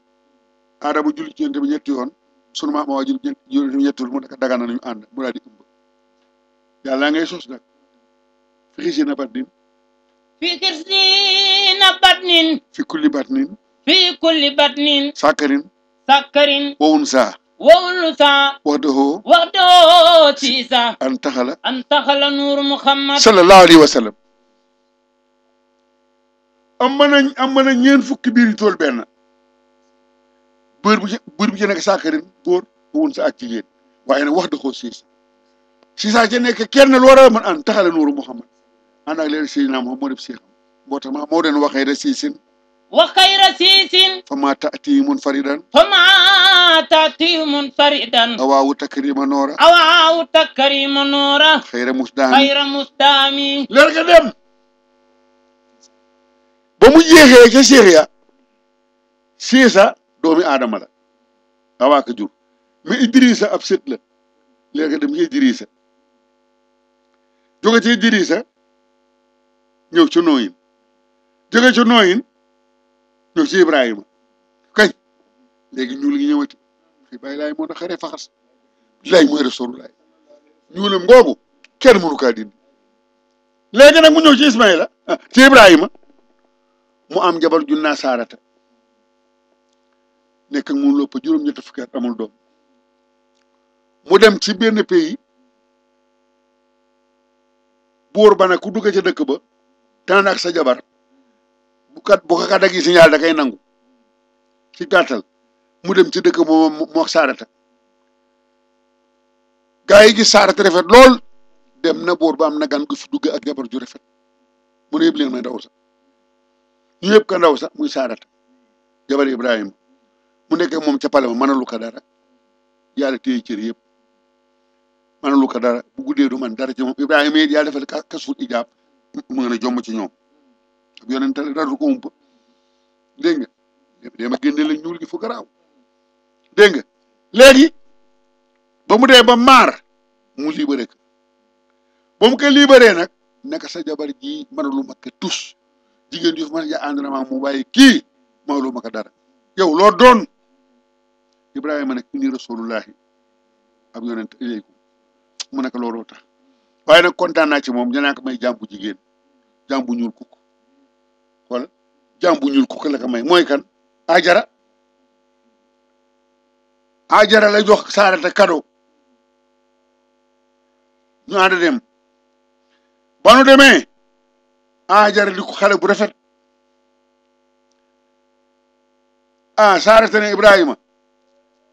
aadama julli ci ñent bi ñetti yoon sunu ma waa julli Fikir ñetti mu nekk dagan na ñu mu di ngay sos nak fi na batnin fi na batnin fi kulli batnin fi kulli batnin sakarin sakarin wonsa wawlu sa waxdahu waxdahu ci isa an taxala an taxala nuur muhammad sallallahu alayhi wa sallam am nañ am na ñeen fukki biir yu tool benn buur bu ci buur bu ci nekk saakarin góor bu wun sa ak jigéen waaye nag waxdahu ci isa ci isa ca nekk kenn lu war a mën an taxala nuur muhammad ànd ak leen Seydina Muhammad ab Seexam moo tax maa moo doon waxee rek siisin wa xayra siisin fa maa taati mun faridan fa maa لا تأتيه منفردا أواه تكريم نورا أواه تكريم نورا خير مستامي خير مستامي لرغا دم بمو جيخي كي شيخيا سيسا دومي آدم لا أواه كجور مي إدريسا أبسط لا لرغا دم إدريسا jóge ci Idrissa ñëw ci Nooyin jóge ci Nooyin ñëw ci Ibrahima kañ léegi ñuul gi ñëwati barki bàyyi laay moo na xaree faxas laay mooy rasulullah ñuulam ngoogu kenn mënu kaa dindi léegi nag mu ñëw ci Ismaïla ah, ci Ibrahima mu am jabar junnaa saarata nekk ak mu loppa juróom-ñetti fukki at amul doom mu dem ci benn pays buur ba nag ku dugg ca dëkk ba tànn ak sa jabar bu kat bu ko kat ak yi signal ci gàttal mu dem ci dëkk moom mu wax saarata gaa yi gis saarata rafet lool dem na boor ba am na gan gu fi dugg ak jabar ju rafet mu ne yëpp leen ma ndaw sa ñu yëpp ka ndaw sa muy saarata jabar ibrahima mu nekk moom ca pale ma mënalu ko dara yàlla téye cër yëpp mënalu ko dara bu guddee du man dara ci moom ibrahima it yàlla defal kasul ijaab mu ngeen a jomb ci ñoom ab yonente dara du ko ump dégg nga dama génne la ñuul gi fu Deng, legi bamu ba ba mar mu libéré ko ba ko libéré nak naka sa jabar ji mënalu ma ko tus jigéen ju fi ja andrama mu baye ki mënalu ma ko dara yow lo don Ibrahima nak ni rasulullah ab yonent ilaykum mu nak lo rota waye nak kontaan ci mom may jambu jambu ñul xol jambu ñul la ko may moy kan ajara Ajara la jox Saarata kado ñu ànd dem ba demee Ajara di ko xale bu rafet ah Saarata ne Ibrahima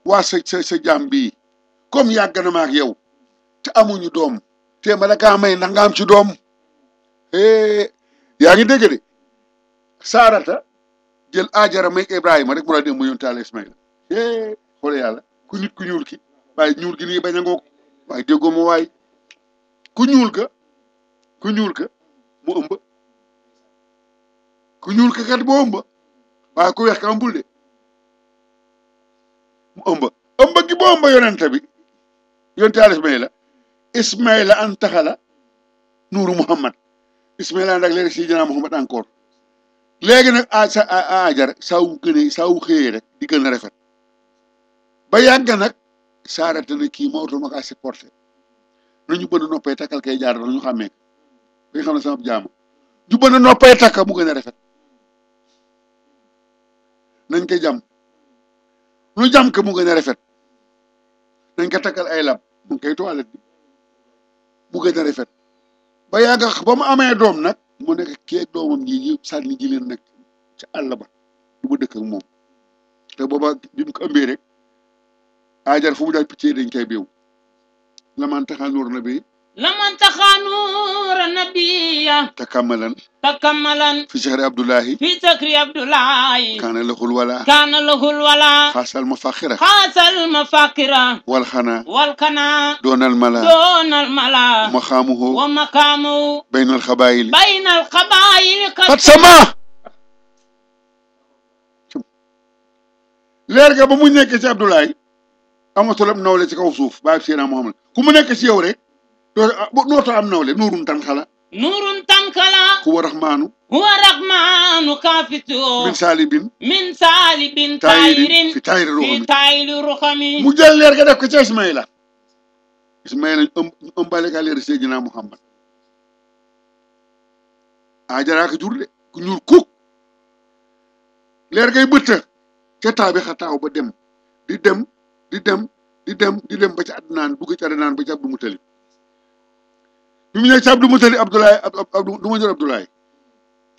waa sa sa sa jaam bii na ma ak yow te amuñu doom te ma la kaa may ndax nga am ci doom yaa ngi dégg de Saarata jël Ajara may Ibrahima rek mu la dem mu Ismaïla xoolal yàlla ku nit ku ñuul ki waaye ñuul gi lii bañ a waaye déggoo ma waay ku ñuul ka ku ñuul ka mu ëmb ku ñuul ka kat boo ëmb waaye ku weex ka ëmbul de mu ëmb ëmb gi boo ëmb yonente bi yonente yàlla Ismaïla Ismaïla an taxala nuuru Muhammad Ismaïla nag léegi si janaa Muhammad encore léegi nag a sa a Ajara xëyee rek di gën a rafet ba yàgg nag saarata na kii mawtu ma kaa supporté nañu bën a noppee takkal kay jaar danañu xàmmee dañu xam ne sama jaama ju bën a noppee takka mu gën a rafet nañ ko jam lu jam ka mu gën a rafet nañ ko takkal ay lab mu ngi koy toilette bi mu gën a ba yàgg ba mu amee doom nag mu ne kii ak doomam ji yi sànni ji nag nekk ci àll ba du dëkk ak moom te booba bi mu ko ëmbee rek ajar fu mu daan piccee dañ koy beew laman taxa nuur na bi laman taxa nuur nabiya takamalan takamalan في شهر عبد الله في ذكر عبد الله كان له الولاء كان له الولاء خاص المفاخرة خاص المفاخرة والخنا والخنا دون الملا دون الملا مقامه ومقامه بين القبائل بين القبائل قد سما leer ga ba mu nekk ci Abdoulaye amatul am nawle ci kaw suuf baay Seydina Muhammad ku mu nekk ci yow rek dootoo am nawle nuurun tànkala nuurun tànkala huwa rahmaanu huwa rahmaanu kaafitoo min saalibin min saalibin taayirin fi taayiri ruxami fi taayiri ruxami mu jël leer ga def ko ci Ismaïla Ismaïla ñu ëmbale ka leer Seydina Muhammad Aajara ka jur de ku ñuul kuk leer ngay bëtt ca taabi xataaw ba dem di dem di dem di dem di dem ba ci Adnaan dugg ci Adnaan ba ci Abdou Moutalib bi mu ñëw ci Abdou Moutalib Abdoulaye Abdou du ma jël Abdoulaye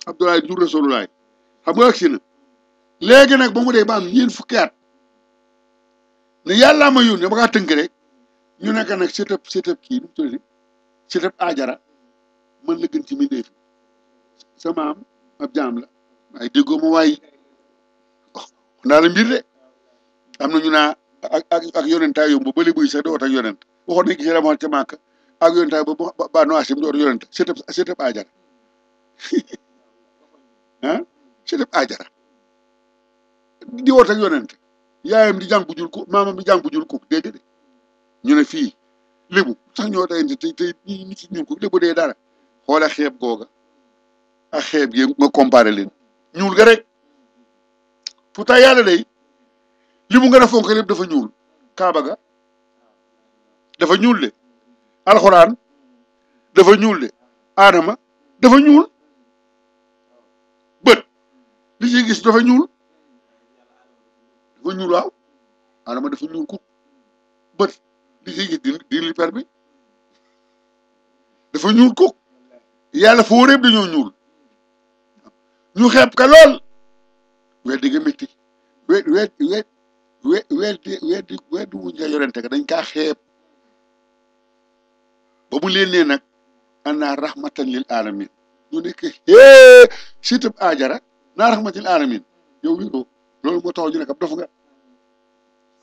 Abdoulaye jur Rasulullaay xam nga agsi na léegi nag ba mu dee ba am ñeent fukki ne yàllaa ma yónni ba kaa tënk rek ñu nekk nag seetab seetab kii nu mu tuddati seetab aajara mën la gën ci mbindeef sama am ab jaam la waaye déggoo ma waaye ndax la mbir de am na ñu naa ak ak ak yonentaayu bu bële buy sax di woote ak yonent waxoon nañ ci ramoon ca Màkka ak yonentaayu ba ba Banu Haasim di yonent sëtëb sëtëb di woote ak yonent yaayam di jàng bu jul ko maamam di jàng bu ko dégg de ñu ne fii lébu sax ñoo day te te nit ñi ñun ko lébu dee dara xoolee xeeb googa ak xeeb yi nga comparé leen ñuul ga rek pourtant yàlla day li mu gën a fonk lépp dafa ñuul kaaba ga dafa ñuul de alxuraan dafa ñuul de aadama dafa ñuul bët li ciy gis dafa ñuul dafa ñuul waaw aadama dafa ñuul ku bët li ciy gis di bi dafa ñuul ku yàlla foo réeb dañoo ñuul ñu xeeb ka lool wet di nga métti wet weddi weddi weddi wuñ ca yonente ga dañ kaa xeeb ba mu leen nee nag rahmatan lil alamin ñu nekk hee sitab aajara naa rahmatan lil alamin yow wéroo loolu moo taxaw ñu nekk ab dof nga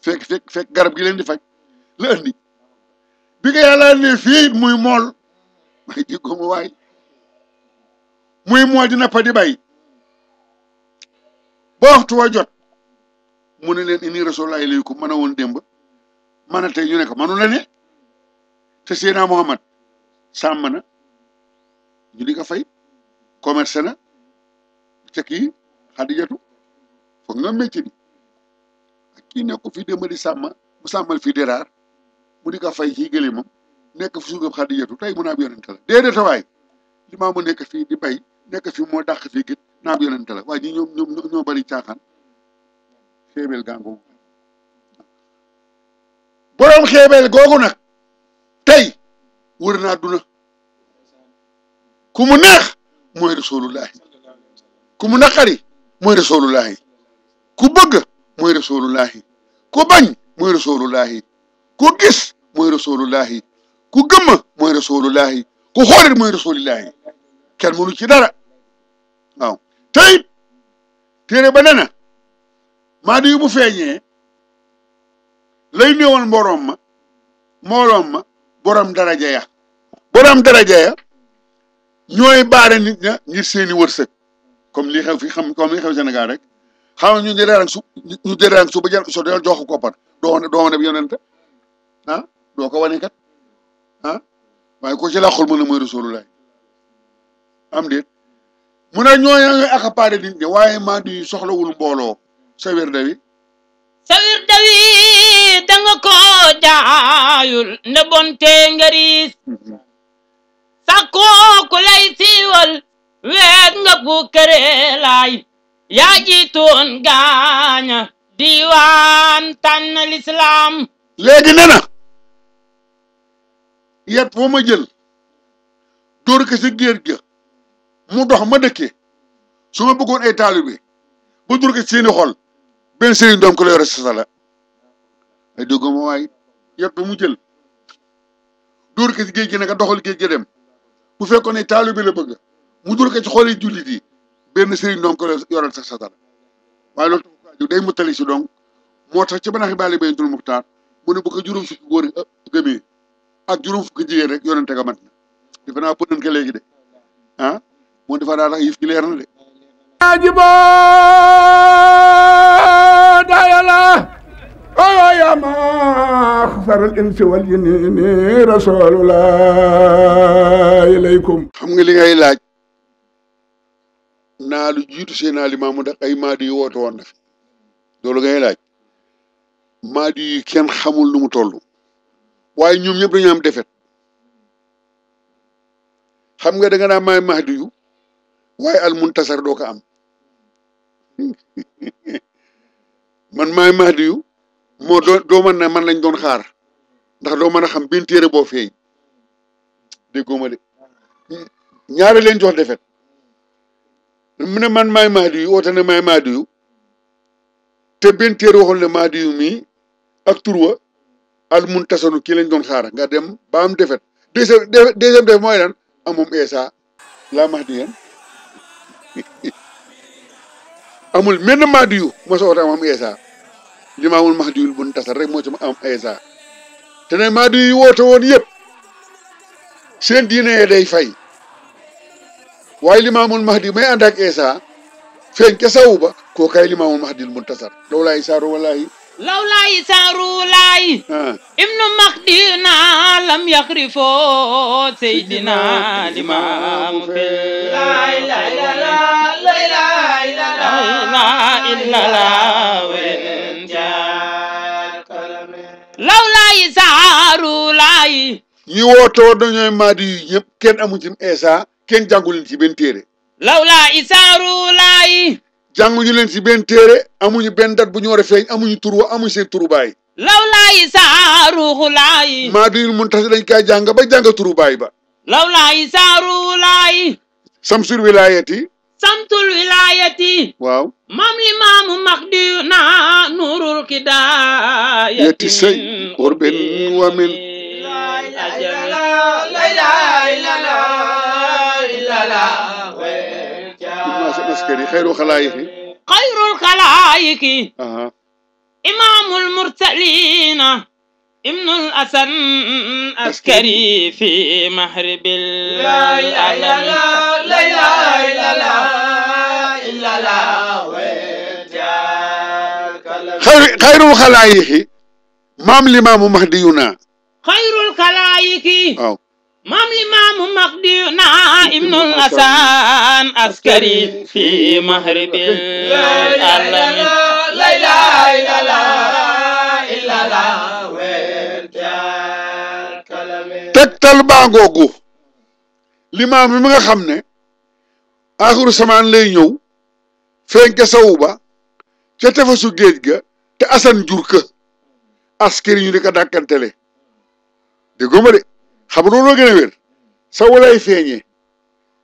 fekk fekk fekk garab gi leen di faj la andi bi nga yàlla ne fii muy mool may déggoo ma waay muy mool dina pa di bay ba waxtu wa jot mune len ini rasulullah ilaykum mana a woon démb mana ñu nek manu la ne te Muhammad sàmm na ñu di ka fay commerce na ca ki khadijatu foog nga metti bi ak kii ko fi démb di sàmm mu samal fi deraar mu di ka fay ci mom nek fu suugam khadijatu tay mu na bi yonentala dede waay li mu di bay nek fi mo dàq fi git na bi yonentala ñom ñoo bari chaxan xeebeel gaa ngoogu nag tey wër naa duna ku mu neex mooy rasulullahi ku mu naqari mooy rasulullahi ku bëgg mooy rasulullahi ku bañ mooy rasulullahi ku gis mooy rasulullahi ku gëma mooy rasulullahi ku xoolit mooy rasulullahi kenn mënu ci dara waaw tey téere ba nee maadi yu bu feeñee lay néewoon mboroom ma mbooloom ma borom daraja ya borom daraja ya ñooy baare nit ña ngir seeni wërsëg comme li xew fi xam comme li xew rek xam ñu di reerang su ñu di reerang su ba so jox ko koppar doo doo wane yonente ah doo ko wane kat ah waaye ko ci ma mën a mooy rasulullah am déet mu ne ñooy ñooy accaparé nit ñi waaye maa di soxlawul mbooloo sa wirde wi sa wirde wi ko jaayul ne bonte ngariis mhm. sa kooku lay siiwal weet nga ku kërelaay yaa jiitoon gaaña diiwaan tànn lislaam léegi nee na yet boo ma jël dóor ko si géej ga mu dox ma dëkkee su ma bëggoon ay taalibe ba dóor ko seeni xol benn sëriñ doom ko la yore sa ay dégg ma waay yet ba mu jël dóor ko ci géej gi naka doxal géej gi dem bu fekkoon ne taalibe la bëgg mu dóor ko ci xooli jullit yi benn sëriñ doom ko la yoral sa sala waaye loolu taxu day muttali si donc moo tax ci banax i bàyyi bay dul ak juróom fukki jigéen rek yonente ga mat na defe naa pënan ko de ah moo defa daa tax gi leer na de عجبا دايلا ويا ما al الانس wal رسول الله اليكم xam nga li ngay laaj naa lu jiitu seen naa limaamu da ay maadi yu woote woon na fi loolu ngay laaj maadi yi xamul lu mu ñoom dañu am defet xam nga da nga mahdi yu al muntasar doo ko am man maay Mahdi moo doo doo mën ne man lañ doon xaar ndax doo mën a xam biñ téere boo feeñ déggoo ma de ñaare leen jox defet mu ne man maay Mahdi yu woote ne maay Mahdi te benn téere waxoon ne Mahdi yu mii ak turwa al mun tasanu kii lañ doon xaar nga dem ba am defet deuxième deuxième def mooy lan amoom Eesa laa Mahdi amul menn mahdiyu moo sa am am Isa limaamul mahdiyul bu nu rek moo ci am Isa te ne mahdiyu yi woote woon yëpp seen diine day fay waaye limaamul mahdi may ànd ak feeñ ca sawu ba koo kay limaamul mahdiyul bu nu tasal lawlaa isaaru walaahi lawlaa isaaru walaahi ibnu mahdi na lam yaxrifoo seydina limaamu fi لنا إلا لا وإن جاء لولا يزارو kenn amu ci eesa kenn jàngu ci benn téere lawla isaaru laay jànguñu leen ci benn téere amuñu benn dat bu ñu war a feeñ amuñu tur wa amuñu seen turu baay lawla isaaru laay mun tax dañ kaa jàng ba jàng turu baay ba lawla isaaru laay samsur wilaayati samtul wilayati waaw mam limaamu mahdi na nuurul kidayati sey qurbin wa min askari xayrul xalaayiki xayrul xalaayiki imaamul mursaliina ابن الأسن عسكري في محرب لا لا لا لا لا لا لا خير الخلائق مام الإمام مهدينا خير الخلائق مام الإمام مهدينا ابن الأسان عسكري في مهرب لا لا لا لا لا tegtal baa ngoogu limaam bi nga xam ne aaxiru samaan lay ñëw fenke sawu ba ca tefesu géej ga te asan jur ka askari ñu di ko dàkkantele dégg ma de xam nga loolu gën a wér sawu lay feeñee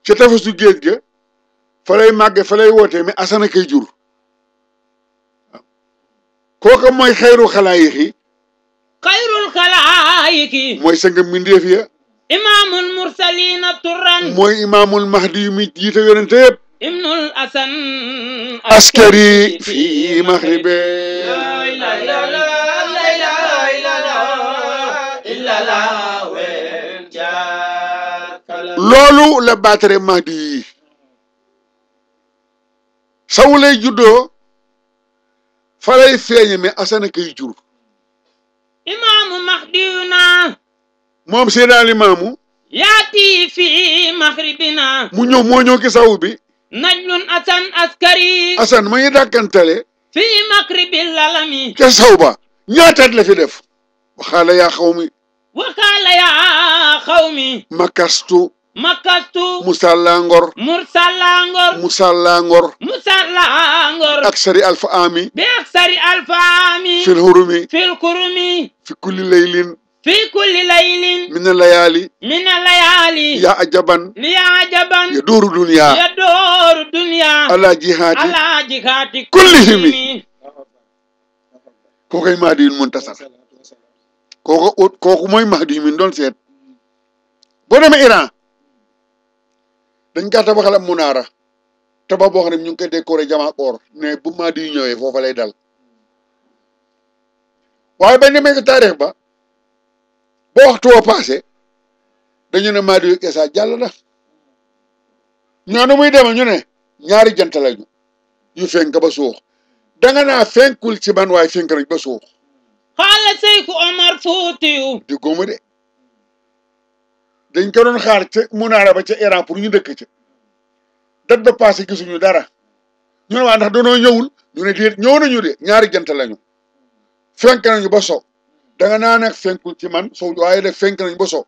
ca tefesu géej ga fa lay màgge fa lay wootee mais asana kay jur waaw kooka mooy xayru xalaayixi xayrul xalaayiki mooy sanga mbindeef ya imaamul mursalina turan mooy imaamul mahdi mi jiite yonente yëpp asan askari fii maxribe loolu la baatare mahdi yi sawulay juddoo falay feeñe mais asana kay jur na moom Seydina Limaamu yaati fi maxribina mu ñëw moo ki sawu bi najlun asan askari asan ma ngi dàkkantale fi makribil lalami ca saw ba ñaataat la fi def waxaala yaa xaw mi waxaala yaa xaw mi makastu makastu musalangor musalangor musalangor musalangor aksari alfa ami bi aksari alfa ami fil hurumi fil kurumi fi kulli laylin fi kulli laylin min layali min layali ya ajaban ya ajaban ya duru dunya ya duru dunya ala jihad ala jihad kulli himi ko kay madi muntasar koko koko moy mahdi min don set bo dem iran dañ ka tabaxal munara taba bo xamne ñu ngi décorer jama or ne bu madi ñewé fofu lay dal waye ben mi ko tarikh ba ba waxtu woo passé dañu ne Mady Kessa jàll na noonu muy demee ñu ne ñaari jant lañu yu fenk ba suux danga na fenkul ci man waay fenk nañ ba suux. xaala Seyku Omar Fuutiyu. di góoma de dañ ko doon xaar ca munaara ba ca Iran pour ñu dëkk ci dat ba passé gisuñu dara ñu ne waa ndax danoo ñëwul ñu ne déet ñëw nañu de ñaari jant lañu fenk nañu ba so danga naa nag fenkul ci man so waaye nag fenk nañ ba so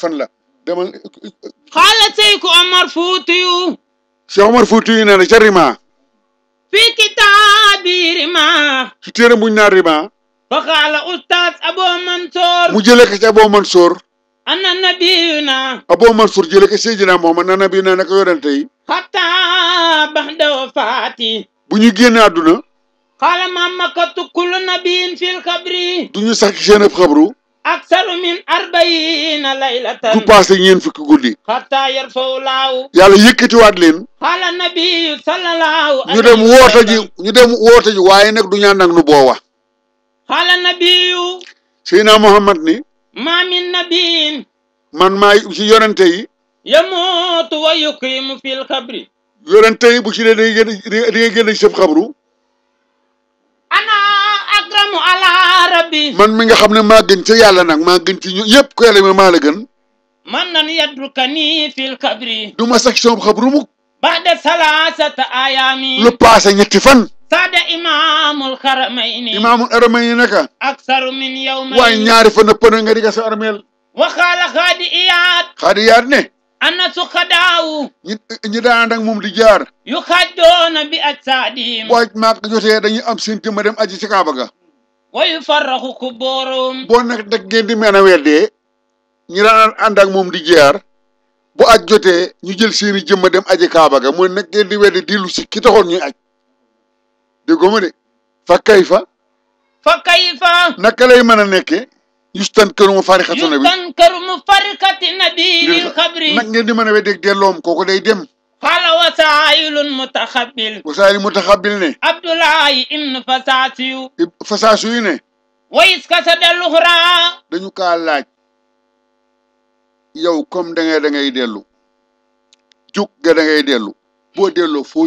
fan la demal xaala seyku omar fuutiyu cheikh omar fuutiyu nee na ca rima fii kitaabi rima ci téere buñ naan rima fa xaala oustaz aboo mansoor mu jëlee ko ci aboo mansoor ana nabiyu na aboo mansoor jëlee ko seydina mohamad na nabiyu na naka yonente yi xataa baxda wafaati bu ñu génn xaala mamakatu kullu nabiin fil xabri du ñu sàkk seen ab xabru aksaru min arbaina laylatan du passé ñeen fukki guddi xataa yar faw laaw yàlla yëkkatiwaat leen ñu dem woote waaye nag du ñaan nag nu boowa xaala nabiyu Seydina Muhammad ni maa min nabiin man maay si yi yamootu wa yukrimu fil xabri yonente yi bu ci dee da nga gën a da nga xabru ana akramu ala rabbi man mi nga xam ne maa gën ci yàlla nag maa gën ci ñu yëpp ku maa la gën man nan yadruka nii fil kabri du ma section xabru mukk baxda salaasata ayaami lu paase ñetti fan saada imaamul xaramayni imaamul xaramayni naka aksaru min yawma waaye ñaari fan a pëna nga diga sa armeel wa xaala iyaat xaadi iyaat ne ana sukkandaawu. ñi ñi daan ànd ak moom di jaar. yu xajdoona bi ak saadim. waaj maag jotee dañuy am seen jëmm dem aji ci Kaaba ga. wayu farraxu ku boorom. boo nag nag ngeen di a weddee ñi daan ànd ak moom di jaar boo aj jotee ñu jël seeni jëmm dem aji Kaaba ga mooy nag ngeen di wedde si ki taxoon ñuy aj dégg nga de fa kayfa. fa kayfa. naka lay mën a nekkee. yustankaru mufarikatu nabi yustankaru mufarikati nabi lil qabri nak ngeen di koko wé deg Kala koku day dem qala wasailun mutakhabbil wasail mutakhabbil ne abdullahi in fasasiyu fasasiyu ne Wais kasada luhra dañu ka laaj yow comme da ngay da ngay delu juk ga da ngay delu bo delo fo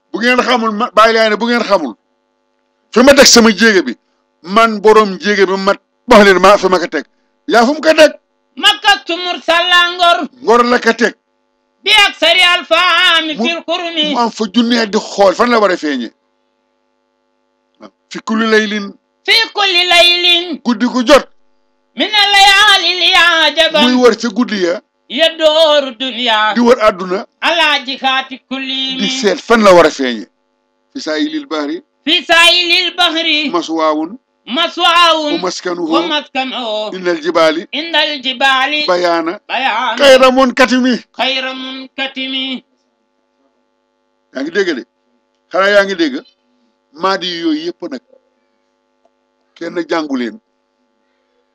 ngeen xamul ma bàyyi bu ngeen xamul fi ma teg sama jéege bi man borom jéege bi mat ma fi ma ko teg yaa fu mu ko teg makkatu mursala ngor la ko bi ak sari alfaami fil kurmi mu am fa junne di xool fan la war a feeñee fi kulli laylin fi guddi gu min a layaali li yajaban muy wër ca guddi ya ya dooru dunya di war aduna ala jihati kulli di sel fan la wara fi bahri fi saayilil bahri maswaun wa maskanu wa maskanu inal jibali inal jibali bayana bayana khayramun katimi khayramun katimi ngi dégg de xara yaa ngi madi yoy yep nak kenn jangulen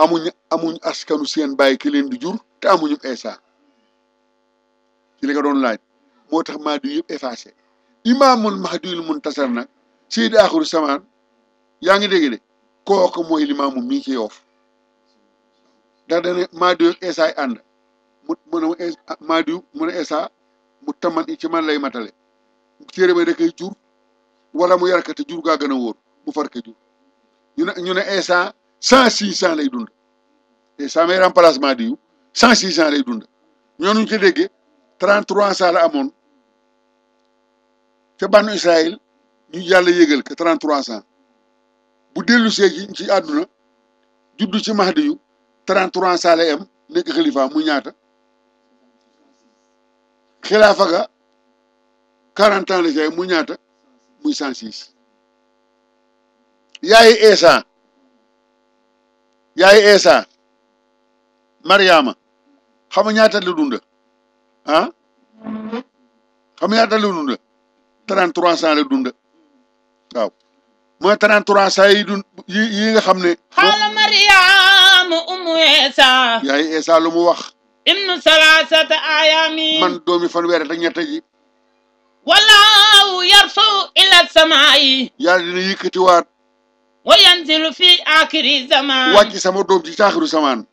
amuñ amuñ askanu sen bàyyi ki len di jur ta amuñu esa ci li nga doon laaj moo tax maa Mahdi yëpp effacé imaamul mahdiul Muntasar nag Seydi axur Samaan yaa ngi dégg de kooku mooy limaamu mii ci Yoof ndax dana maa Mahdi yëpp Isaa ànd mu mën a maa Mahdi mu ne Isaa mu taman ci man lay matale téere ba da koy jur wala mu yarkate jur gaa gën a wóor mu farke jur ñu ne ñu ne Isaa cent six cent lay dund Isaa may remplacement di yu cent six cent lay dund ñoo ñoonuñ ci déggee 33 ans la amoon ca bànnu Israël ñu yàlla yëgal que 33 ans bu dellu see ci ci àdduna juddu ci Mahdi yu 33 ans la nekk xalifa mu ñaata xilaafa ga 40 ans la ci mu ñaata muy 106. yaayi Eesa yaayi Eesa Mariama xam nga ñaata la dunda ah xam ñaata la dund 33 ans la dund waaw mooy 33 ans yi dund yi yi nga xam ne. xaala Mariam umu Esa. yaay lu mu wax. ayami. man doomi fanweer ak ji. wallahu yarfu ila samai. Ya, dina yëkkatiwaat. wa yanzilu fi akiri zaman. wàcc sama dom ci zaman.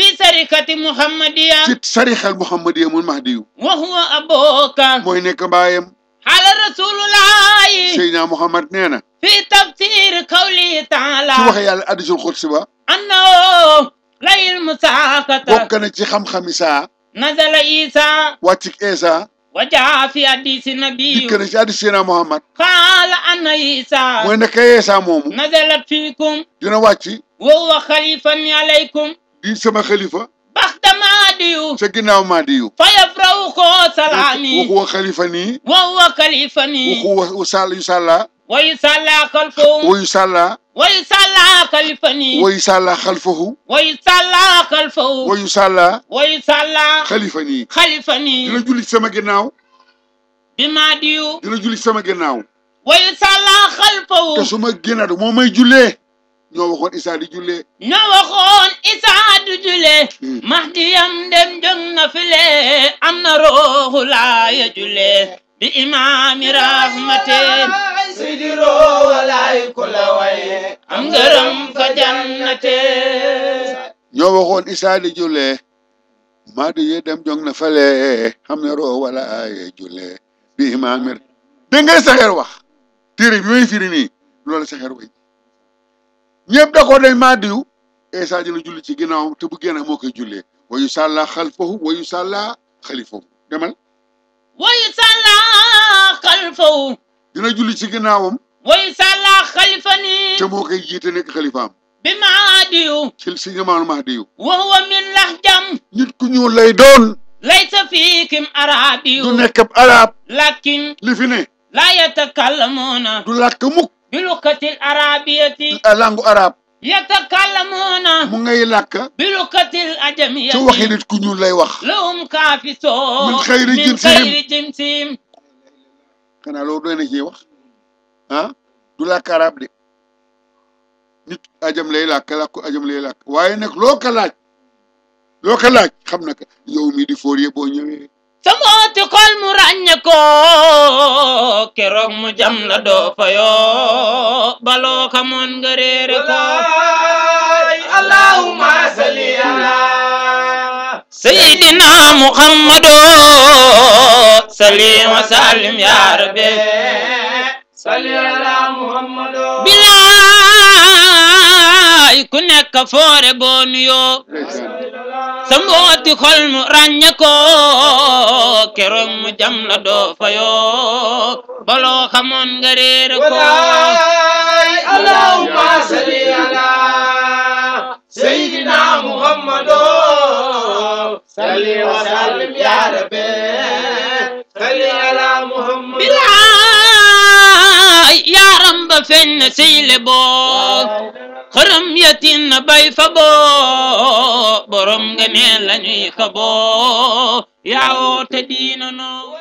في طريقة محمدية في طريقة المحمدية من مهدي وهو أبوك موينك بايم على رسول الله سيدنا محمد نينا في تفسير قوله تعالى شو هي الأدج الخلصبة أنه لا المساقة وكنا جخم خمسة نزل إيسا واتك إيسا وجاء في حديث النبي يكن في حديث سيدنا محمد قال أن إيسا وينك إيسا مومو نزلت فيكم دون وهو خليفا عليكم di sama xalifa baxta maadiyu sa ginnaaw maadiyu fa yafrawu ko salaami waxuwa xalifa nii waxuwa xalifa nii waxuwa sal yu sàlla wayu sàlla xalfahu wayu sàlla wayu sàlla xalifa nii wayu sàlla xalfahu wayu sàlla xalfahu wayu sàlla wayu sàlla xalifa nii xalifa nii dina julli sama ginnaaw bi maadiyu dina julli sama ginnaaw wayu sàlla xalfahu te su ma génnaat moo may jullee ñoo waxoon Isa di jullee. ñoo waxoon Isa di jullee. Hmm. dem jóg na file am na rooxu laaya jullee. bi imaami rahmate. Sidi roowalaay ku la am ngërëm fa jannate. ñoo waxoon Isa di jullee. Mahdiya dem jóg na file am na roowalaay jullee. bi imaami. dégg nga saxeer wax. téere bi may ñëpp d'accord nañ maa diw Isa dina julli ci ginnaaw te bu génne moo koy jullee wayu sàlla xalfahu wayu sàlla xalifahu demal. wayu sàlla xalfahu. dina julli ci ginnaawam. wayu sàlla xalifani. te moo koy jiite nekk xalifaam. bi maa diw. ci si jamono maa wa huwa min lax jam. ku ñuul lay doon. laysa fiikum arabiyu. du nekk ab arab. lakin. li fi du làkk mukk. bilukatil arabiyati langue arabe yatakallamuuna mu ngay làkk bilukatil ajamiyati su waxee nit ku ñuul lay wax lahum kaafisoo min min xayri jimsihim xanaa loolu doy na ci wax ah, du làkk arab de nit ajam lay làkk làkku ajam lay làkk waaye nag loo ko laaj loo ko yow mii di fóor yee boo ñëwee sa mooti xol mu ràññe ko keroog mu jam la doo fa yoo baloo xamoon nga réere ko allahumma salli ala sayyidina muhammadu salli wa ya rabbi salli ala muhammadu bilaa waay ku nekk foore boo nuyoo mbooti xol mu ràññe ko mu jam la baloo xamoon nga ko walaay allahumma salli ala sayyidina muhammadu salli wa sallim ya rabbi salli yaaram ba feeñ na seyle boo xërëm yatin na bay fa boo borom nga ne lañuy ka boo yaa woote diina noo